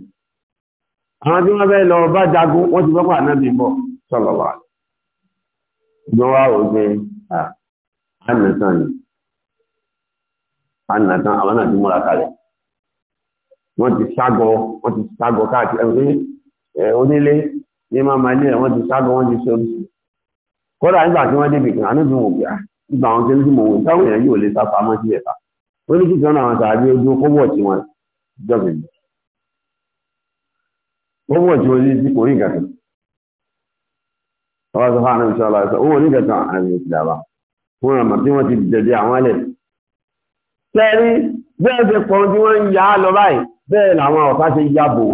àwọn tí wọ́n fẹ́ lọ bá jagun wọ́n ti fọ́pọ̀ ànábì bọ̀ sọ̀rọ̀ wà ló wá òfin ànàtàn ni ànàtàn àwọn náà ti múra kalẹ̀ wọ́n ti ságọ wọ́n ti ságọ káàkiri onílé ní máa máa ilé ẹ̀wọ́n ti sáàbọ̀ wọ́n ti sọ́rọ̀ kọ́dà nígbà tí wọ́n débi kan àánúbí wò bíà nígbà ah, àwọn kéré tí mo wò táwọn èèyàn yóò lè sá pamọ́ sí ẹ̀ka ó ní kíkan náà àwọn sàájú ojú kọ́bọ̀ tí wọ́n jọ̀bẹ̀ yìí kọ́bọ̀ tí wọ́n yìí sí kò rí nǹkan kan ọba sọ fún àwọn ìṣọ́ ọlọ́ọ̀ṣọ́ owó ní kankan àmì ìṣìdàbà fún ọmọ tí wọ́n ti jẹjẹ àwọn alẹ̀ tẹ́rí bẹ́ẹ̀ ṣe pọ̀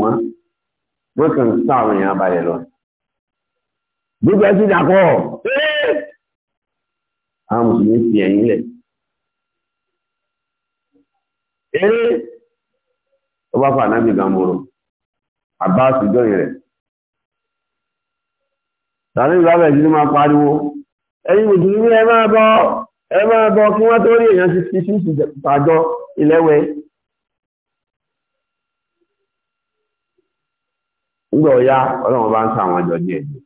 wọn kàn sáwọn èèyàn balẹ̀ lọ́nà gbogbo ẹsùn ìdàkọ àwọn mùsùlùmí fi ẹ̀yìn lẹ̀ eré tó bá fà náà gbígbà mọ́rọ̀ àbá àtijọ́ rẹ̀ tàbí ìgbàbẹ̀ sí máa pariwo ẹ̀yin mùsùlùmí ẹ máa bọ́ ẹ máa bọ́ kí wọ́n tó rí èèyàn sí ya bá ń àjọ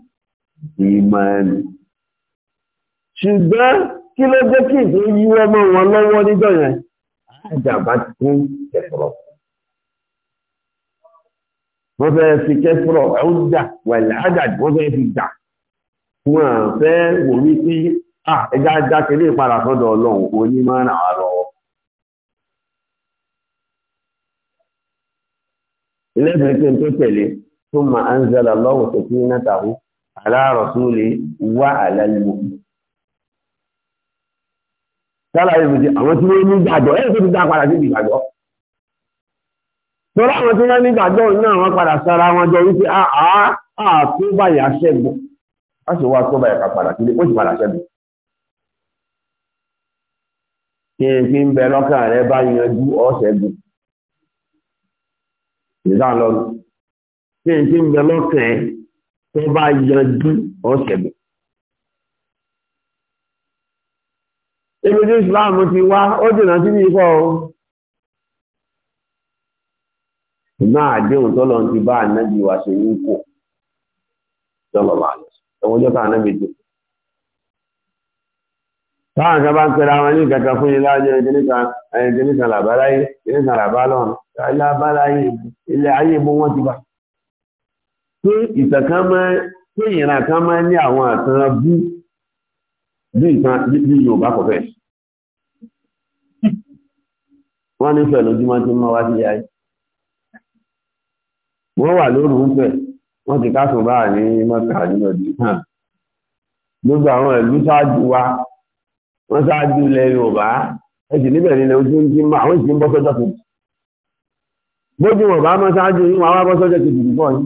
ìmọ̀ẹ̀nì ṣùgbọ́n kí ló jẹ́ kí ìdí yí ọmọ wọn lọ́wọ́ níjọ́ yẹn àjàmbá ti kún kẹfọ́rọ̀ wọ́n fẹ́ fi kẹfọ́rọ̀ ẹ̀hún dà wẹ̀lẹ̀ ájàdì wọ́n fẹ́ fi dà fún àfẹ́ wò ní pé ẹja dákẹ́lé ìpadà sọ́dọ̀ ọlọ́run onímọ̀ náà lọ́wọ́ ilé ìfẹ́ tó tẹ̀lé tó máa ń zẹ́lá lọ́wọ́ tó kí náà tàwọn aláàrọ̀súlé wà àlẹ́lẹ́mọ́. Sálàyé fi ti àwọn tí wọ́n ní ìgbàgbọ́, ẹ́ tó ti dá padà sí ìgbàgbọ́. Tọ́lá àwọn tí wọ́n ní padà sára wọn jọ wípé àá ah, ah, ah, A sì wá tó báyà tó bá yanjú ọ̀sẹ̀ mi. Ebi tí Islam ti wá, ó dènà sí ní ikọ́ o. Ìmá àdéhùn tọ́lọ ti bá ànábì wà ṣe ní kò. Jọlọ wà lọ. Ẹwọ́n ọjọ́ ká ànábì tó. Táwọn kan bá ń pẹ̀lú àwọn ní ìkẹta fún ilé ayé ìdíníkan làbáláyé, ìdíníkan làbálọ́run, ilé ayé ìbò wọn ti bá pé ìtàn kan máa pé ìran kan máa ní àwọn àtàn bú bí ìtàn bí Yorùbá kò fẹ́ wọ́n nífẹ̀ẹ́ lójúmọ́ tí wọ́n wá sí yáyé wọ́n wà lóru ń fẹ̀ wọ́n ti ká sùn báà ní mọ́ta nínú ọdún náà gbogbo àwọn ìlú ṣáájú wa wọ́n ṣáájú ilẹ̀ Yorùbá ẹ̀sì níbẹ̀ nílẹ̀ ojú ń dín máa àwọn ìsìn bọ́ sọ́jọ́ kejì bójú wọn bá mọ́ ṣáájú yín wọn wá bọ́ sọ́jọ́ kejì púpọ̀ yín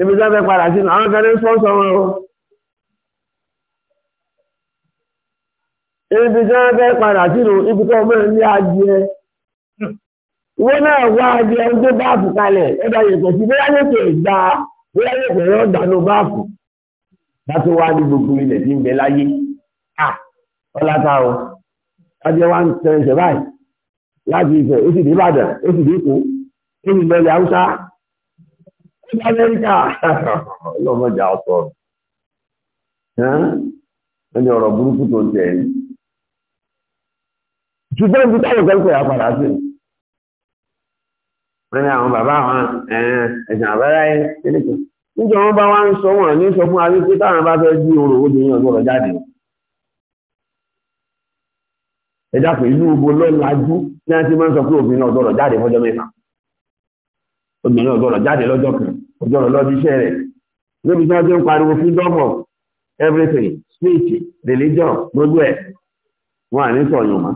ibi tí wọ́n fẹ́ padà sínú àwọn kan ní sponsor wọn o ibi tí wọ́n fẹ́ padà sínú ibi tí wọ́n mọ̀ ní adìẹ ìwé náà wá adìẹ ń gbé báàfù kalẹ̀ ẹ̀dá yẹ̀pẹ̀ sí bóyá yẹ̀pẹ̀ gbà bóyá yẹ̀pẹ̀ yọ̀ dànù báàfù láti wá ní gbogbo ilẹ̀ tí ń bẹ láyé ọlátà o adìẹ wa ń tẹ̀sẹ̀ báyìí láti ìfẹ́ ó sì dé Ìbàdàn ó sì dé Èkó ó sì lọ ilẹ̀ Haúsá sí Amẹ́ríkà lọ́mọdé àtọ̀ ẹni ọ̀rọ̀ burúkú tó tẹ̀ ẹ́ ṣùgbọ́n ibi táwọn kan pè àpàdà sí wọ́n ní àwọn bàbá àwọn ẹ̀sìn àbára ẹ̀ níjọ wọn bá wá ń sọ wọn ní sọ fún arípé táwọn bá fẹ́ jí orò obìnrin ọgbọ́rọ̀ jáde ẹ̀dá pé ìlú gbogbo lọ́lájú ní a ti máa ń sọ pé obìnrin ọgbọ́rọ̀ jáde fọ́jọ́ mẹ́fà obìnrin ọgbọ́rọ̀ jáde lọ́jọ́ kan ọjọ́ ọlọ́dún iṣẹ́ rẹ̀ níbi tí wọ́n ti ń pariwo freedom of everything speech religion gbogbo ẹ̀ wọ́n à ní sọ̀yún mọ́.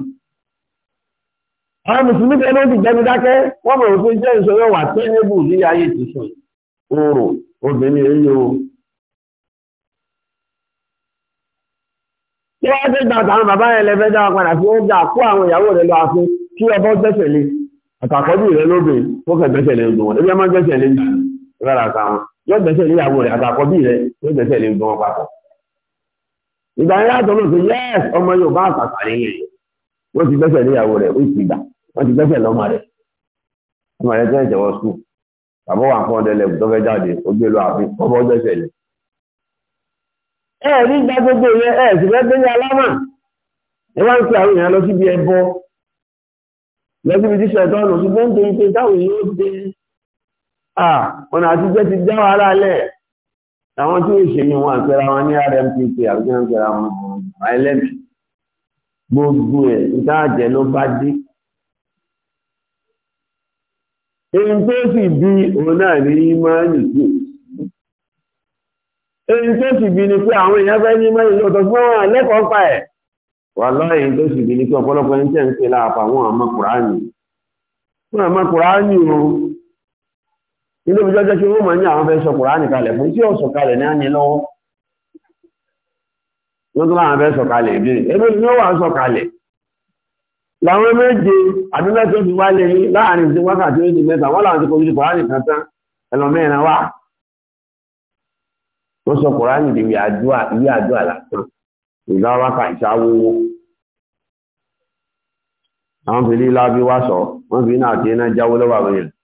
àwọn mùsùlùmí kan náà ti gbẹnu dákẹ́ wọ́n mọ̀ pé iṣẹ́ ìṣòro wà tẹ́lẹ̀bù ní ayé tuntun oòrùn obìnrin èyí o. tí wọ́n ti gbà táwọn bàbá yẹn lẹ́fẹ́ dá padà sí ó dà kó àwọn ìyàwó rẹ̀ lọ àfin kí ọbọ̀ gbẹ́sẹ̀ lé àtàkọ́bí rẹ̀ lóbìn ó kẹ̀ gbẹ́sẹ̀ lé gbọ́n ẹgbẹ́ máa gbẹ́sẹ̀ lé gbọ́n lára ta wọn yóò gbẹ́sẹ̀ lé ìyàwó rẹ̀ àtàkọ́bí rẹ̀ yóò gbẹ́sẹ̀ lé gbọ́n papọ̀. ìgbà yẹn láti ọlọ́sọ yẹ́s ọmọ Yorùbá àtàkà nìyẹn wọ́n ti gbẹ́sẹ̀ lé ìyàwó rẹ̀ wíìsì ìgbà wọ́n ti gbẹ́sẹ̀ lọ́mọ rẹ̀ ọmọ rẹ̀ tẹ́lẹ̀ tẹ́wọ́ sùn bàbá wà fún ọdẹlẹ tó fẹ́ jáde ogbé lọ àfi ọmọ gbẹ́sẹ̀ lé. ẹ ní ìgbà gbogbo yẹn ẹ sì fẹ́ gbẹ́yìn alámà ẹ wá ń pe ọ̀nà àtijọ́ ti já wàhálà lẹ̀ àwọn tí ó ṣe ní wọn àpẹẹrẹ wọn ní rmpp àbíkẹ́ àpẹẹrẹ wọn ilmp gbogbo ẹ̀ ìtaàjẹ́ ló bá dé èyí tó sì bí òun náà ní ìmọ̀ọ́nì sí èyí tó sì bí ni pé àwọn èèyàn fẹ́ ní ìmọ̀ọ́nì lọ́tọ̀ fún wọn lẹ́kọ̀ọ́ pa ẹ̀ wà lọ́yìn tó sì bí ni pé ọ̀pọ̀lọpọ̀ ẹni tẹ̀ ń pè láàpá àwọn ọmọ kùránì wọn ọmọ kùránì o ilé ìjọ jẹ́ kí wọ́n mọ̀ ní àwọn fẹ́ sọ Kùránì kalẹ̀ fún tí ó sọ kalẹ̀ ní àní lọ́wọ́ wọ́n láwọn fẹ́ sọ kalẹ̀ ìbí ẹgbẹ́ ni ó wà sọ kalẹ̀ làwọn méje àdúgbẹ́tò ti wá lé láàrin ti wákàtí ó ti mẹ́ta wọ́n láwọn ti kojú Kùránì kan tán ẹlọ́mẹ́rin wá wọ́n sọ Kùránì di ìwé àdúrà lásán ìlú awáka ìṣàwówó àwọn fìlí lábí wá sọ wọ́n fi náà ti iná jáwó lọ́wọ́ àwọn èèyàn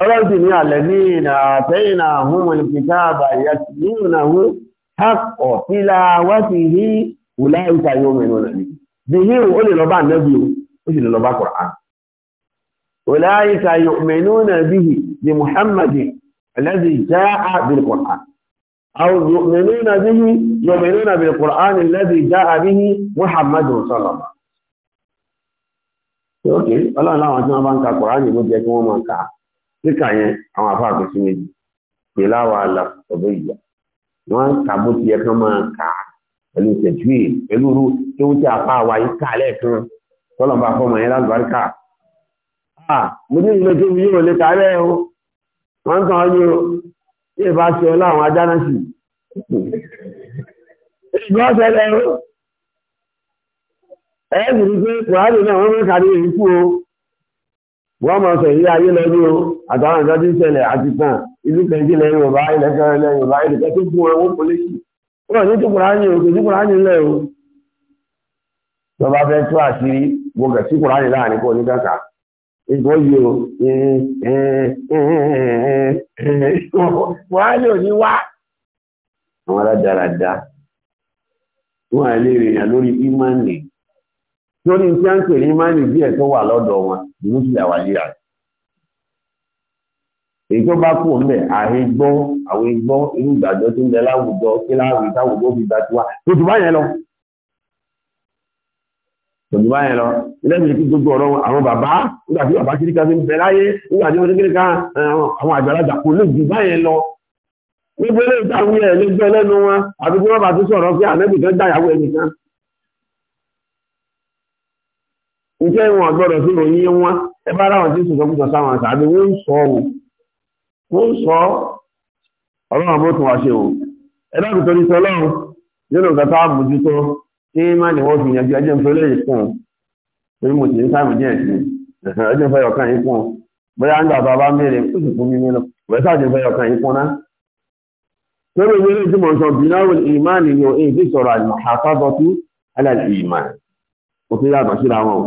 ọlọ́dún ní àlẹ́mìnà àtẹ́yìnà àhúnmọ̀ ní pìtà àbàyà nínúnà hú hapọ̀ sílá wá sí rí ìlà ìta yóò mẹ́nu rẹ̀ ní bí i ó lè lọ́bá nẹ́bí ó sì lè lọ́bá kọ̀rán ìlà ìta yóò mẹ́nu rẹ̀ bí i di muhammadi alẹ́bí já àbí kọ̀rán àwọn mẹ́nu rẹ̀ bí i yóò mẹ́nu rẹ̀ bí kọ̀rán alẹ́bí já àbí muhammadu sọlọ́mà ọlọ́run láwọn tí wọ́n bá ń ka kọ̀rán ìlú jẹ́ kí wọ́n máa ka kíkà yẹn àwọn afáàkùn sí méjì pèlá wa la ọ̀dọ́ ìyá wọ́n kà bó ti yẹ kán máa kà pẹ̀lú ìtẹ̀jú yìí pẹ̀lú irú tí wọ́n ti apá wa yìí kà lẹ́ẹ̀kan tọ́lọ̀ bá fọmọ yẹn lálùbáríkà. a mo ní ìlú tó yíò lè ta rẹ̀ o wọ́n ń tàn án yóò tí ìbá ṣe ọ láwọn ajá náà sì. ìgbà ṣẹlẹ̀ o ẹ̀ ẹ́ sì rí pé kùràdì náà wọ́n mẹ́ka ní èyí kú o wọ́n máa sọ ìrí ayé lọ́jú o àtàwọn ìjọ tí ń ṣẹlẹ̀ àti tàn ìlú kẹjì lẹ́yìn Yorùbá ilẹ̀ kẹrin lẹ́yìn Yorùbá ilẹ̀ kẹ tó gún ẹwọ́ pọlẹ́sì wọ́n ní tìkùrá ní o kò tìkùrá ní ilẹ̀ o tó bá fẹ́ tó àṣírí mo kẹ̀ tìkùrá ní láàrin kọ́ ní kàkà ìgbọ́ yìí o wọ́n á lè ní wá àwọn aládàáradà wọ́n á lè lórí ìmánì torí tí a ń pè ní máìlì díẹ̀ tó wà lọ́dọ̀ wọn ìmúṣìlẹ àwàlíra èyí tó bá kú ọmọdé àhẹgbọ àwọn ẹgbọ irú ìgbàjọ tó ń bẹ láwùjọ kí láwùjọ táwùjọ fi gbà tiwa tó ti bá yẹn lọ tòjú bá yẹn lọ ilé ìjì kí gbogbo ọ̀rọ̀ àwọn bàbá nígbà tí bàbá kiri kan ti ń bẹ láyé nígbà tí wọ́n ti kiri kan eh, àwọn àgbàlagbà kò lè jù bá yẹn lọ nígbà tí wọ́n ti ń bẹ lẹ́nu wọn àti bí wọ́n bá ti sọ̀rọ̀ pé àmẹ́bì kan dáyàwó ẹnì kan ǹjẹ́ ìwọ̀n àgbọ̀dọ̀ sí ròyìn wọn ẹ bá ráwọn tí sùn sọkúsọ sáwọn àtàbí wọ́n ń sọ ọ́ wọ́n ń sọ ọlọ́run bó tún wá ṣe o ẹ̀dá kò torí sọ ọlọ́run nínú nǹkan tá a bójútó tí má ní wọ́n fi yanjú ẹjẹ́ ń fẹ́ lẹ́yìn fún un torí mo sì ń sáàmì díẹ̀ sí ẹjẹ́ ń fẹ́ ọ̀kan yìí fún un bóyá ń gbàgbà bá mèrè ó sì fún mi nínú wẹ́ẹ́ sáàjẹ́ ọ̀kan yìí fún ná. ìwé lójú mọ̀ sọ bìnnáwó ìmáàlì yóò èyí sọ̀rọ̀ àlùmọ̀ àfábọ́tú alẹ́ ìmáà òfin yàtọ̀ síra wọn o.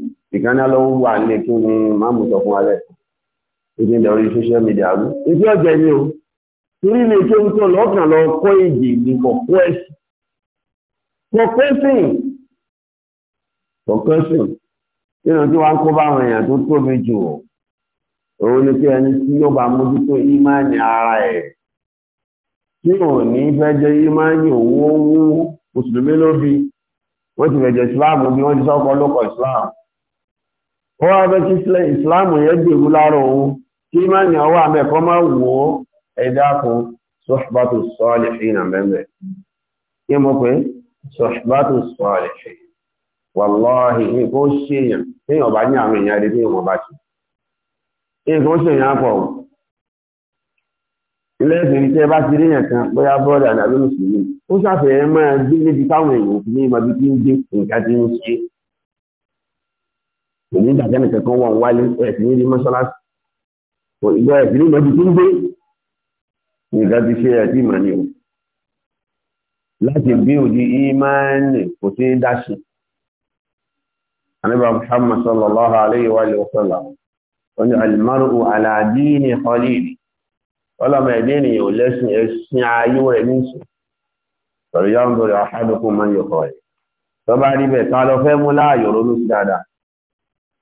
ìkànnà lọ wà ní kí ni máàmù sọ fún alẹ́ ìdí ìdá social media rú ìdí ọ̀jẹ̀ ni o torí ilé tó ń tọ́ lọ́kàn lọ kọ́ èdè ní kọ̀kọ́ ẹ̀sìn kọ̀kọ́ ẹ̀sìn kọ̀kọ́ ẹ̀sìn nínú tí wọ́n kó báwọn èèyàn tó tóbi jù ọ́ òun ni pé ẹni tí yóò bá mójútó ìmáàní ara ẹ̀ tí ò ní fẹ́ jẹ́ ìmáàní òun ó mùsùlùmí ló bí wọ́n ti fẹ̀jẹ̀ ìsìláàmù bí wọ́n ti sọ́kọ́ lókọ̀ ìsìláàmù ó wá ìsìláàmù yẹn gbèrú lára òun kí máa ní ọwọ́ àmẹ́kọ́ máa wò ó ẹ̀dá kan sọ́ṣbátù sọ́ọ̀lẹ̀ṣìn àmẹ́mẹ́ kí mo pé sọ́ṣbátù sọ́ọ̀lẹ̀ṣìn wàláhì nǹkan ó ṣèyàn téèyàn bá ní àwọn èèyàn rí bí wọn bá ṣe nǹkan ó ṣèyàn pọ̀ tẹ́ bá ti kan bóyá bọ́ọ̀dà àdàbí mùsùlùmí ó ṣàfihàn máa gbé níbi táwọn èèyàn ní òní ìdàgẹ́nì kankan wà wálé ẹ̀sìn ní mọ́ṣáláṣí ìgbà ẹ̀sìn ní mọ́jú tó ń gbé nǹkan ti ṣe ẹ̀sìn ìmọ̀ ni o láti bí òdi ìmáàní kò sí dáṣe anábà Muhammad sallallahu alayhi wa sallam wọ́n ni almaru ala dini khalili ọlọ́mọ ẹ̀dẹ́ ènìyàn lẹ́sìn ẹ̀sìn ayé rẹ̀ níṣù sọ̀rọ̀ yọ́n bọ̀rọ̀ àhádùkú mọ́ yọ̀kọ̀ rẹ̀ tọ́ bá rí bẹ̀ tá lọ mú láàyò ronú sí dáadáa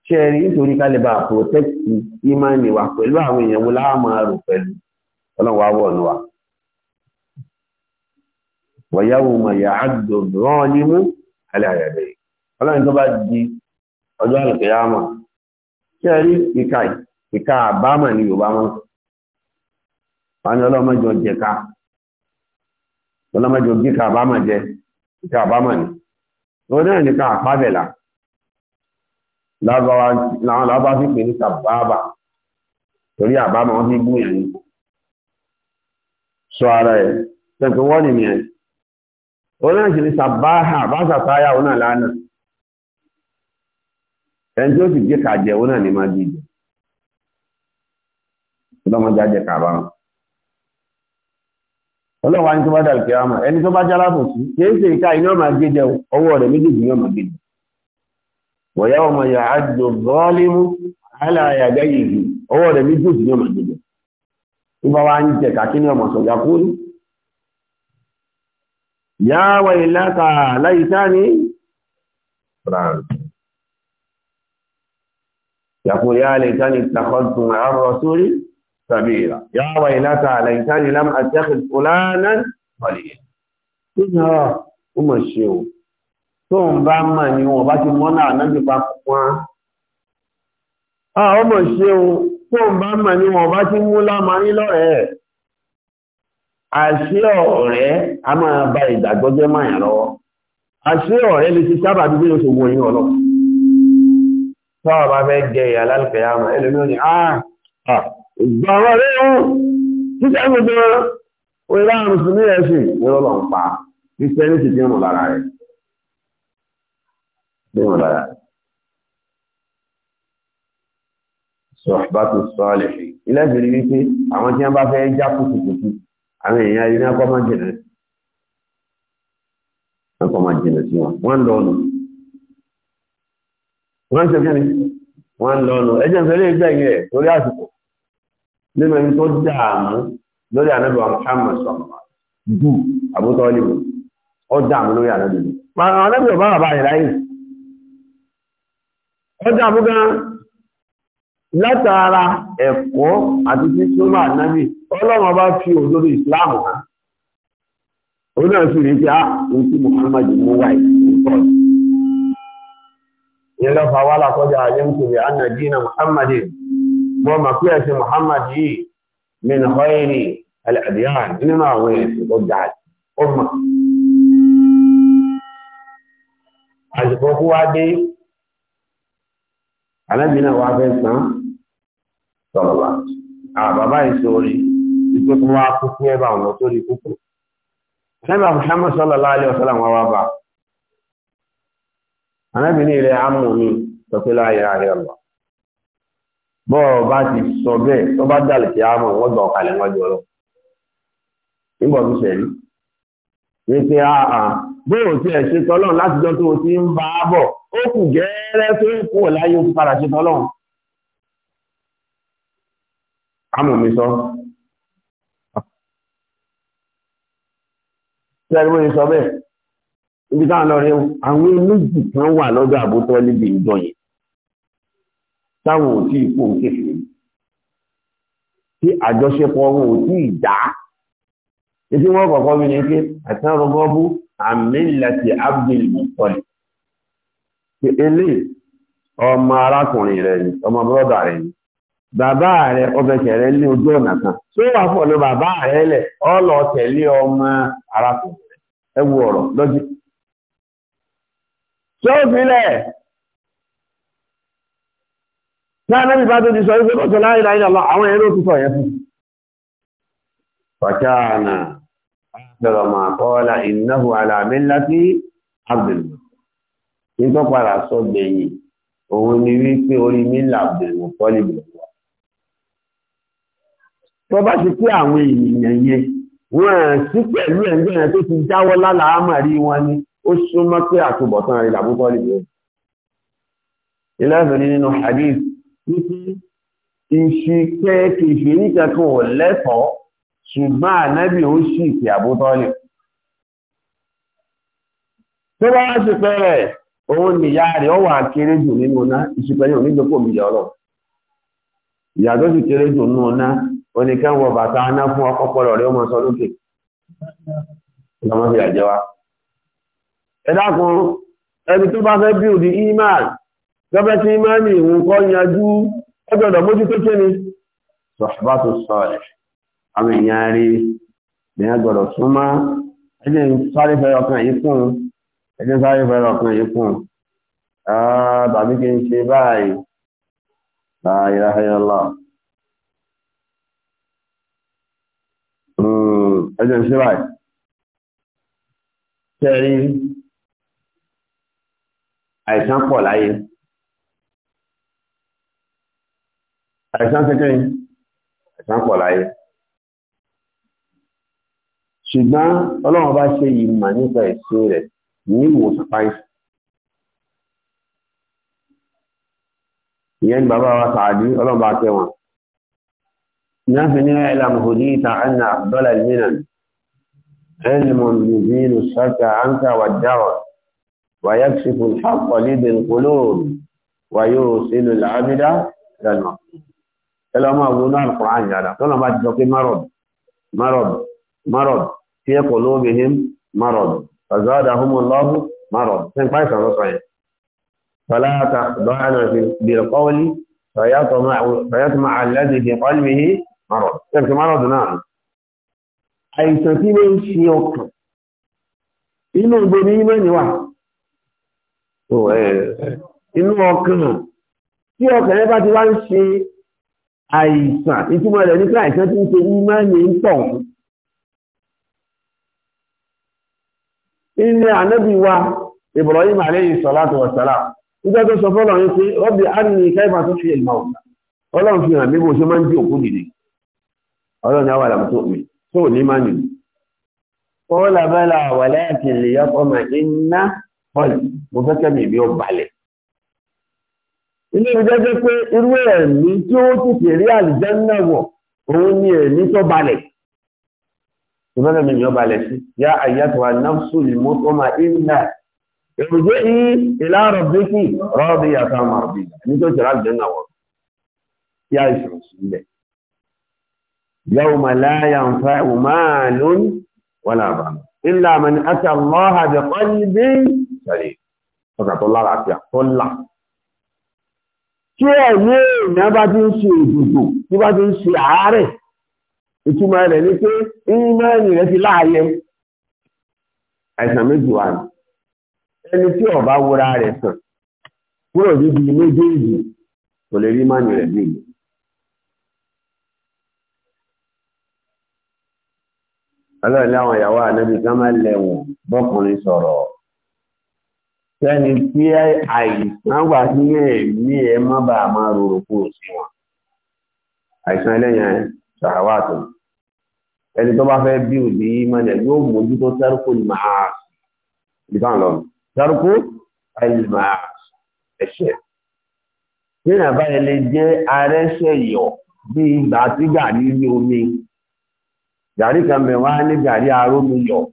ṣẹ́ẹ̀rí nítorí kálẹ̀ bá pòtẹ́kì ìmáàni wa pẹ̀lú àwọn èèyàn wo láà máa rò pẹ̀lú ọlọ́wọ́ àwọ̀ ọ̀nà wa wọ̀yáwó mọ̀yà àgbòrán ní mú alẹ́ àyàbẹ̀ ọlọ́run tó bá di ọjọ́ àlùkìyàmọ̀ ṣẹ́ẹ̀rí ìka ìka àbámà ni Yorùbá mọ́ wọn ọlọ́mọjọ láwọn lábá sí pè ní sàbábà torí àbámọ̀ wọn fi gbúyàn ní sọ ara ẹ̀ tẹ́kọ̀ wọ́n ni mìíràn ó náà sì ní sàbáhà bá sàtáyà ó náà lánà ẹni tí ó sì jẹ́ kàjẹ́ ó náà ní máa di ìjẹ́ ọlọ́mọdé ajẹ́ kàbámọ̀ ọlọ́wà ní tó bá dàlùkẹ́ àmà ẹni tó bá jálá bò sí kìí ṣe ìka iná máa gbé jẹ ọwọ́ rẹ̀ méjèèjì ní ọmọ gbé jẹ wọ̀yá ọmọ yà á jọ gọ́ọ́límú aláyàgá yìí ọwọ́ rẹ̀ ní jùsù ní ọmọ jẹjẹ tó bá wá ń jẹ kàkí ní ọmọ sọ̀gá kúrú yà wà ìlàkà láyìíká ní france yàkùn yà láyìíká ní takọ́tù àárọ̀ sórí sàbíra yà ìlàkà láyìíká ní lámà àtẹ́kì wàlẹ̀ tó ń bá mà ní wọn bá ti mọ́nà ànábì papọ̀ wọn a ah, ọmọ ṣe o tó ń bá mà ní wọn bá ti mú lámà ní lọ́rẹ̀ẹ́ àṣé ọ̀rẹ́ a máa ba ìgbàgbọ́ jẹ́ máyà lọ́wọ́ àṣé ọ̀rẹ́ lè ti sábà bí ó ṣe wo yín ọlọ́ tọ́wọ́ bá fẹ́ jẹ ìyà lálùkẹ́ àmà ẹlòmíràn ni a ah, ah, ìgbà wọn rẹ̀ ó títẹ́ gbogbo wọn ìlànà mùsùlùmí ẹ̀sìn ìrọ̀lọ́ بمرأة sọ̀bátò sọ́ọ̀lẹ̀ ilẹ́bìnrin wípé àwọn tí wọ́n bá fẹ́ já kùtùkùtù àwọn èèyàn ilé ọkọ̀ máa jìnà ọkọ̀ máa jìnà sí wọn wọ́n ń lọ́nu wọ́n ń ṣe kí ni wọ́n ń lọ́nu ẹjẹ́ ìfẹ́lẹ́ ìgbẹ̀yìn ẹ̀ torí àsìkò nínú ẹni tó dààmú lórí ànábì Muhammad sọ̀mà dù àbútọ́ọ́lì ó dààmú lórí ànábì ọjà búgán látara ẹ̀kọ́ àti tí súnmà náàbì ọlọ́run bá fi òdodo ìsìláàmù hàn ó náà sì rí pé á ah, ní tí Muhammad mú wáyé nǹkan ìyẹn lọ́fà wà lákọjá ayéǹkiri anàdínà Muhammad mọ́ màkú ẹ̀sìn Muhammad yìí min ọ̀hẹ́rì alàdíhàn nínú àwọn ẹ̀sìn tó ga ọmọ àsìkò wá dé alẹ́mìnà wà fẹ́ sàn sọ̀rọ̀wà àbàbá ìṣòrí ipò tó wá kúkú ẹbà wọn tó rí kúkú sẹ́bà Muhammad sallallahu alaihi wasallam wọn wá bá alẹ́mìnà ilẹ̀ amú mi sọpẹ́lá ayẹyẹ ayẹ lọ bọ́ọ̀ bá ti sọ bẹ́ẹ̀ tó bá dàlù àà bóò tí ẹ̀ ṣe tọ́lọ́run látijọ́ tó o ti ń bá a bọ̀ ó kù gẹ́rẹ́ tó ń kúrò láyé ó ti padà ṣe tọ́lọ́run. àmọ̀ mi sọ tí ẹni wọ́n sọ bẹ́ẹ̀ ibi táwọn lọ rẹ àwọn méjì kan wà lọ́dọ̀ àbótọ́ níbi ìjọ yẹn táwọn ò tí ì kó kékeré tí àjọṣepọ̀ wọn ò tí ì dá ibi wọn kọ̀ọ̀kan mi ní pé àti àwọn ọgbọ́n bú àmìlẹ̀tì abdul mọ̀tọ́lì pé ilé ọmọ arákùnrin rẹ̀ ni ọmọ bọ́dà rẹ̀ ni bàbá rẹ ọbẹ̀kẹ̀ ní ojú ọ̀nà kan tí wà fọ̀ ló bàbá ọlọ tẹ̀lé ọmọ arákùnrin rẹ̀ ẹ wo tó tí a bá tó sọ láìláìlá àwọn ẹ̀rọ sọ yẹn fún أكثر ما قال إنه على ملة عبد الله nígbà padà sọ gbẹ̀yìn òun ni wípé orí mílà àbẹ̀wò pọ́lì bẹ̀rẹ̀ tó bá ti pé àwọn èèyàn yẹn wọ́n sí pẹ̀lú ẹ̀gbẹ́ yẹn tó ti jáwọ́ nínú hadith títí ìṣìkẹ́ kìfì níkẹ́kọ̀ọ́ lẹ́tọ̀ọ́ ṣùgbọ́n ànábì ó sì ìpì àbótọ́lì tó bá wá sí pẹ́rẹ̀ òun nìyá rẹ̀ ó wà kéré jù nínú ọ̀nà ìṣùpẹ̀lẹ̀ onídókò ìyà ọ̀rọ̀ ìyà tó sì kéré jù nínú ọ̀nà oníkẹ́wọ̀ bàtà aná fún ọkọ̀pọ̀lọ̀ rẹ̀ ọmọ sọ lókè ọmọbìnrin àjẹwà ẹ dákun ẹni tó bá fẹ́ bíò di iman gẹ́gẹ́ tí iman ìwọ̀n kọ́ yanjú ọgbọ̀dọ̀ mójútó kéni sọ̀ṣùbá tó àwọn èèyàn rí lèyàn gbọ́dọ̀ súnmọ́ ẹjẹ́ ń sáré fẹ́ ọkàn yìí kùn ẹjẹ́ ń sáré fẹ́ ọkàn yìí kùn tàbí ah, kí n ṣe báyìí la ilaha illallah hmm, ẹjẹ́ ń ṣe báyìí tẹ́rí àìsàn pọ̀ láyé àìsàn kékeré àìsàn pọ̀ láyé ṣùgbọ́n ọlọ́run bá ṣe ìmọ̀ nípa ẹ̀sìn rẹ̀ ní ìwòsàn páìsì ìyẹn bàbá wa sàádì ọlọ́run bá tẹ́ wọn náà fi ní ẹ̀làm hùdí ìta ẹ̀nà àbúdọ́là ìlmìnà ẹ̀lmùn yìí ṣàkà áńkà wà dáwà wà yá sí fún ṣàpọ̀ níbi ìkóló wà yóò sílù làbídá ìdàlmà ẹlọ́mọ àbúrò náà kùrán yàrá tọ́lọ́ bá ti pé márọ̀dù márọ̀dù fi qulubihim marad fazadahum Allahu marad ṣe ń pa ìsàn lọ́sọ̀ yẹn fala takhda'na bil qawli fayatma'a alladhi fi qalbihi marad ṣe ń fi marad ọkàn tí ọkàn ẹ bá ti wá ń ṣe àìsàn ìtumọ̀ rẹ̀ nípa àìsàn tí inú ànábì wa Ibrahim alayhi salatu wa salam nígbà tó sọ fọ́lọ̀ yìí pé rọ́bì ánì káìbà tó fi ìmọ̀ ọ̀tà ọlọ́run fi hàn mí bó ṣe máa ń jí òkú nìdí ọlọ́run ni àwọn àlàmù tó mi tó ní máa nìdí kọ́lá bẹ́lá wàlẹ́ àti ìbẹ́lẹ̀ mi yọba lẹ̀ sí yá àyàtọ̀ ànáfsù ìmọ́tọ́mà ìlà èròjẹ́ yìí ìlà rọ̀bíkì rọ́bì yàtọ̀ àmàrọ̀bì ní tó jẹ́rà jẹ́nà wọ̀ yá ìṣòro sílẹ̀ yóò mà láyà ń fa ìmọ̀lún wọn àbá ìlà àmà ní àti àlọ́hà bẹ̀ pọ́nbí sọ̀rọ̀ ọkà tó bá ti ń ṣe ìdìbò tí bá ti ń ṣe àárẹ̀ ìtumọ̀ rẹ̀ ni pé ìmọ̀ẹ́nì rẹ̀ ti láàyè àìsàn méjì wà ní ẹni tí ọba wúra rẹ̀ sàn kúrò níbi méjèèjì kò lè rí mọ́ni rẹ̀ bí ìlú. láwọn ìyàwó ànábì kan máa lẹ̀wọ̀n bọ́kùnrin sọ̀rọ̀ sẹ́ni tí àìsàn wà sí ẹ̀mí ẹ̀ má bàa máa rorò kúrò sí wọn àìsàn ẹlẹ́yìn ẹni tó bá fẹ́ bí ò ní mọ́lẹ̀ yóò mójútó tẹ́rùkù ìmáà ìbá lọ tẹ́rùkù ìmáà ẹ̀ṣẹ̀ tí ìrìn àbáyẹ lè jẹ́ arẹ́ṣẹ̀ yọ̀ bí ìgbà tí gàrí ní omi gàrí kan mẹ́wàá ní gàrí arómi yọ̀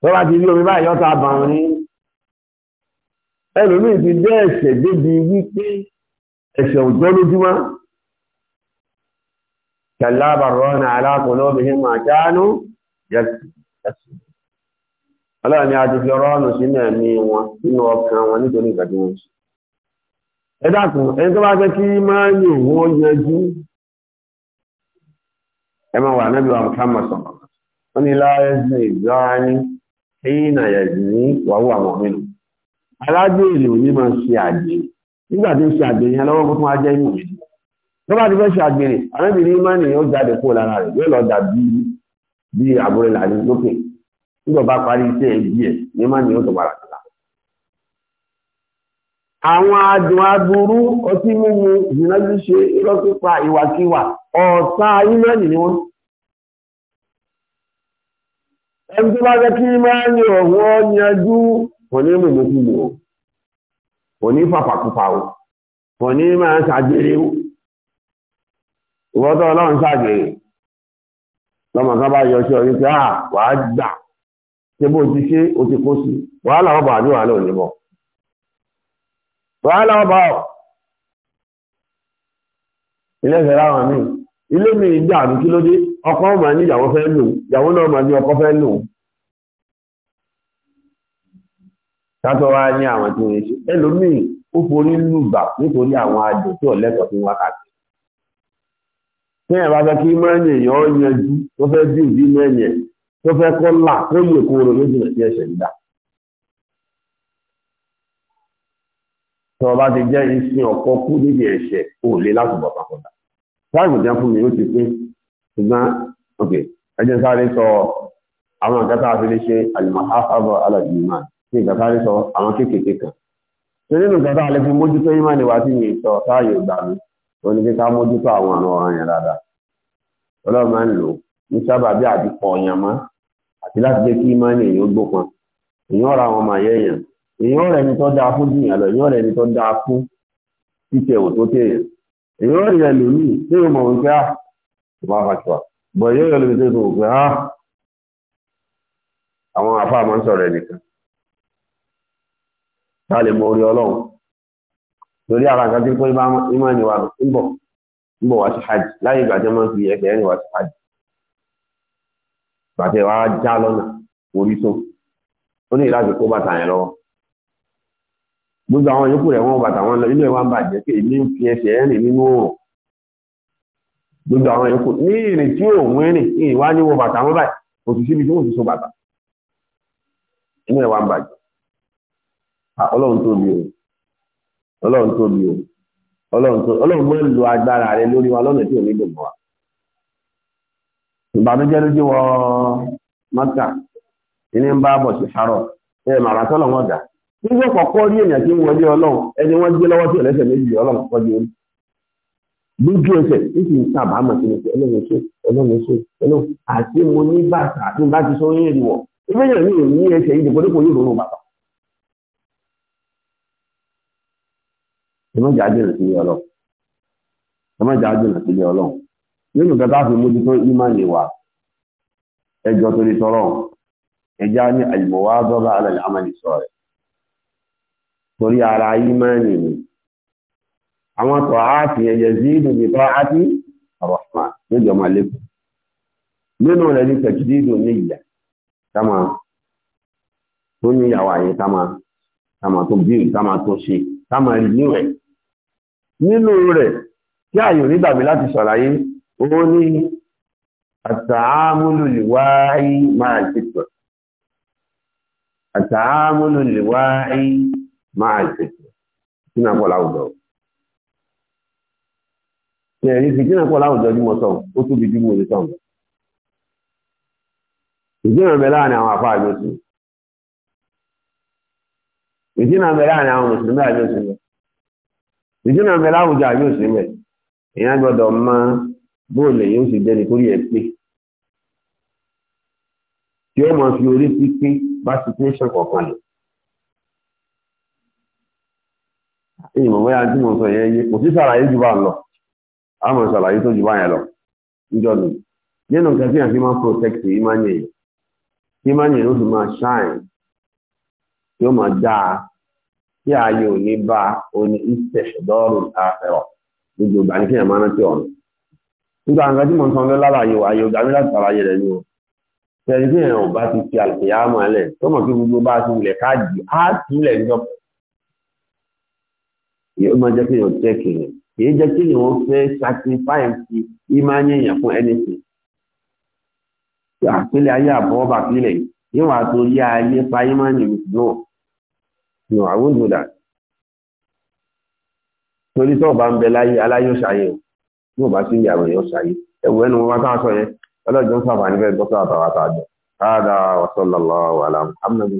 tó bá ti rí omi báyìí ọ̀tá bàrin ẹlòmíì ti dé ẹ̀ṣẹ̀ débi wípé ẹ̀ṣẹ̀ òjọ́ lójúmọ́ كلا بران على قلوبهم ما كانوا يكسبون ọlọ́run ni a ti fi ọ̀rọ̀ ọ̀nà sínú ẹ̀mí wọn nínú ọkàn wọn nítorí ìgbà tí ṣe ẹ dákun ẹni tó bá fẹ́ kí máa ń yìn wọ́n yanjú ẹ máa wà nábì wa Muhammad sọ̀rọ̀ wọ́n ní láàárẹ̀ sí ìgbáání ní wàhù àwọn máa ń ṣe àjẹ nígbà tí ń ṣe àjẹ yẹn kó tún wá tó bá ti fẹ́ ṣe àgbèrè arábìnrin imani yóò jáde kó lára rẹ̀ yóò lọ dà bí àbúrò làní lókè nígbà parí iṣẹ́ ẹbí ẹ̀ imani yóò tó padà àwọn adùn aburú ọtí mímu ìdìnnà ìwàkiwà imani ni wọ́n. imani ọ̀hún kò ní ní fàfàkùfà o kò ìwọ́tọ̀ ọlọ́run ṣàgbèrè lọ́mọ kan bá yọ sí ọ wípé à ah, wàá gbà ṣé bó ti ṣe o ti kó sí wàhálà ọba àbí wàhálà òní bọ̀ wàhálà ọba ọ ilé ìfẹ́ láwọn míì ilé mi ìjà àbí kí ló dé ọkọ ọmọ ní ìyàwó fẹ́ lò ìyàwó náà mà ní ọkọ fẹ́ lò sátọ wa ní àwọn tí wọn ṣe ẹlòmíì ó forí lùgbà nítorí àwọn àjò tí ò lẹ́tọ̀ọ́ fún wákàtí tí ẹ̀rọ afẹ́ kí mẹ́rin èèyàn yanjú tó fẹ́ bí òbí mẹ́rin ẹ̀ tó fẹ́ kọ́ là kó lè kó rẹ̀ lójú rẹ̀ sí ẹ̀ṣẹ̀ nígbà. tí ọba ti jẹ́ iṣẹ́ ọ̀kọ́ kú níbi ẹ̀ṣẹ̀ kò lè láti bọ̀ pàkọ́dà. táàmù jẹ́ fún mi ó ti pé ṣùgbọ́n ok ẹjẹ́ sáré sọ àwọn nǹkan tá a fi lè ṣe àlùmọ́sáfàbọ̀ alàjùmọ́ ní sọ àwọn kéékèèké kan. ṣe nínú nǹkan tá fi mójútó ìmọ̀ ó ní kíká mójútó àwọn àrùn ọ̀ràn yẹn dáadáa ọlọ́run máa ń lò ní sábà bí àdìpọ̀ ọ̀yàn mọ́ àti láti jẹ́ kí ìmọ̀ ní èèyàn gbópọn èèyàn ra àwọn ọmọ ayé èèyàn èèyàn rẹ̀ ni tó dáa fún jìyàn lọ èèyàn rẹ̀ ni tó dáa fún títẹ̀ òtó téèyàn èèyàn rẹ̀ lòmíì tí yóò tí yóò mọ̀ wípé ah, à ah, àwọn àfáà máa ń torí àwọn àgbàjọ pé bá ìmọ̀ ni wà ń bọ̀ ń bọ̀ wá sí hajj láyé ìgbàjọ máa ń fi ẹsẹ̀ ẹni wá sí hajj gbàtẹ wa já lọ́nà orí tó ó ní ìlàjì kó bàtà yẹn lọ́wọ́ gbogbo àwọn yòókù rẹ̀ wọ́n bàtà wọn lọ ilé wa ń bàjẹ́ pé èmi ń fi ẹsẹ̀ ẹ̀rìn nínú òòrùn gbogbo àwọn yòókù ní ìrìn tí òun rìn ní ìwájú wo bàtà wọn báyìí kò sì síbi tí wọ́n ti so bàtà inú ẹ̀ wa ń bàjẹ́ ọlọ́run tó bí o ọlọ́run tóbi o ọlọ́run tó ọlọ́run mọ́ lo agbára rẹ lórí wa lọ́nà tí ò ní dùn mọ́ wa. ìbànújẹ́ lójú wọ mọ́tà ìní ń bá bọ̀ sí sárọ̀ ẹ màrà sọ́lọ̀ wọn dà nígbà rí èèyàn tí ń wọlé ọlọ́run ẹni wọ́n gbé lọ́wọ́ tí ọ̀lẹ́sẹ̀ méjì ọlọ́run kọ́ di orí lójú ẹsẹ̀ nítorí ní sí ọlọ́run ṣe ọlọ́run ṣe ọlọ́run àti mo ní bàtà sọ yín mi ò ẹ má jà jìnà sílé ọlọ́run ẹ má jà jìnà sílé ọlọ́run nínú kẹta fi mójútó ìmánì wa ẹjọ́ torí tọ́lọ́ ẹjá ní àyùmọ̀wá dọ́là alẹ́ àmàlì sọ̀rọ̀ torí ara ìmánì ni àwọn tọ̀ áàtì ẹ̀yẹ zíìdù ní tọ́ áàtì ọ̀rọ̀fà níjọ máa lékún nínú rẹ̀ ní tẹ̀jìdìdù ní ìyà kama tó ní ìyàwó àyè kama kama tó bí kama tó ṣe kama rí níwẹ̀ẹ́ nínú rẹ̀ tí àyò rí gbàgbé láti ṣàlàyé ó ní àtàámúlò lè wáyé máa jẹ́tọ̀ àtàámúlò lè wáyé máa jẹ́tọ̀ kí náà pọ̀ láwùjọ ní ẹ̀rí fi kí náà pọ̀ láwùjọ bí mo sọ ó tóbi bí mo lè sọ ìdínà bẹ láàrin àwọn àfáà àjọsìn ìdínà bẹ láàrin àwọn mùsùlùmí àjọsìn ìdínà ń bẹ láwùjọ àbí òsì mẹ èèyàn gbọ́dọ̀ mọ bóòlù èyí ó sì jẹni torí ẹ pé tí ó ma fi orí sí pé bá situation kọ̀ọ̀kan lò. ìmọ̀ bóyá tí mo sọ yẹn yé kò sí ṣàlàyé jù bá ń lọ àmọ́ ṣàlàyé tó jù bá yẹn lọ níjọ nù nínú nǹkan tí máa protect máa shine tí ó máa tí ààyè ò ní bá oní ìṣẹ̀ṣọ̀dọ́rù àfẹ́rọ̀ gbogbo ìgbà ní kíyàn máa rántí ọ̀nà nígbà nǹkan tí mo ń san lọ lálàyé ààyè ò dàbí láti sàlàyé rẹ̀ ni o tẹ̀lé tí èèyàn ò bá ti fi àlùkìyà mọ́ ẹ lẹ̀ tó mọ̀ pé gbogbo bá ti wulẹ̀ káàdì á sílẹ̀ níjọ́ yóò máa jẹ́ kí èèyàn jẹ́ kéèyàn kì í jẹ́ kí èèyàn fẹ́ sacrifice ìmáyé èèyàn fún anything àpẹẹrẹ ayé àbọ̀wọ́bà sílẹ̀ yóò wá torí ayé pa ìmáyé náà No, I won't do that. Torí tó bá ń bẹ láyé, aláyé o. bá sí ìyàwó yóò ẹnu wọn bá tán yẹn. Ọlọ́jọ́ sábà níbẹ̀ Káàdà Amúnàbí.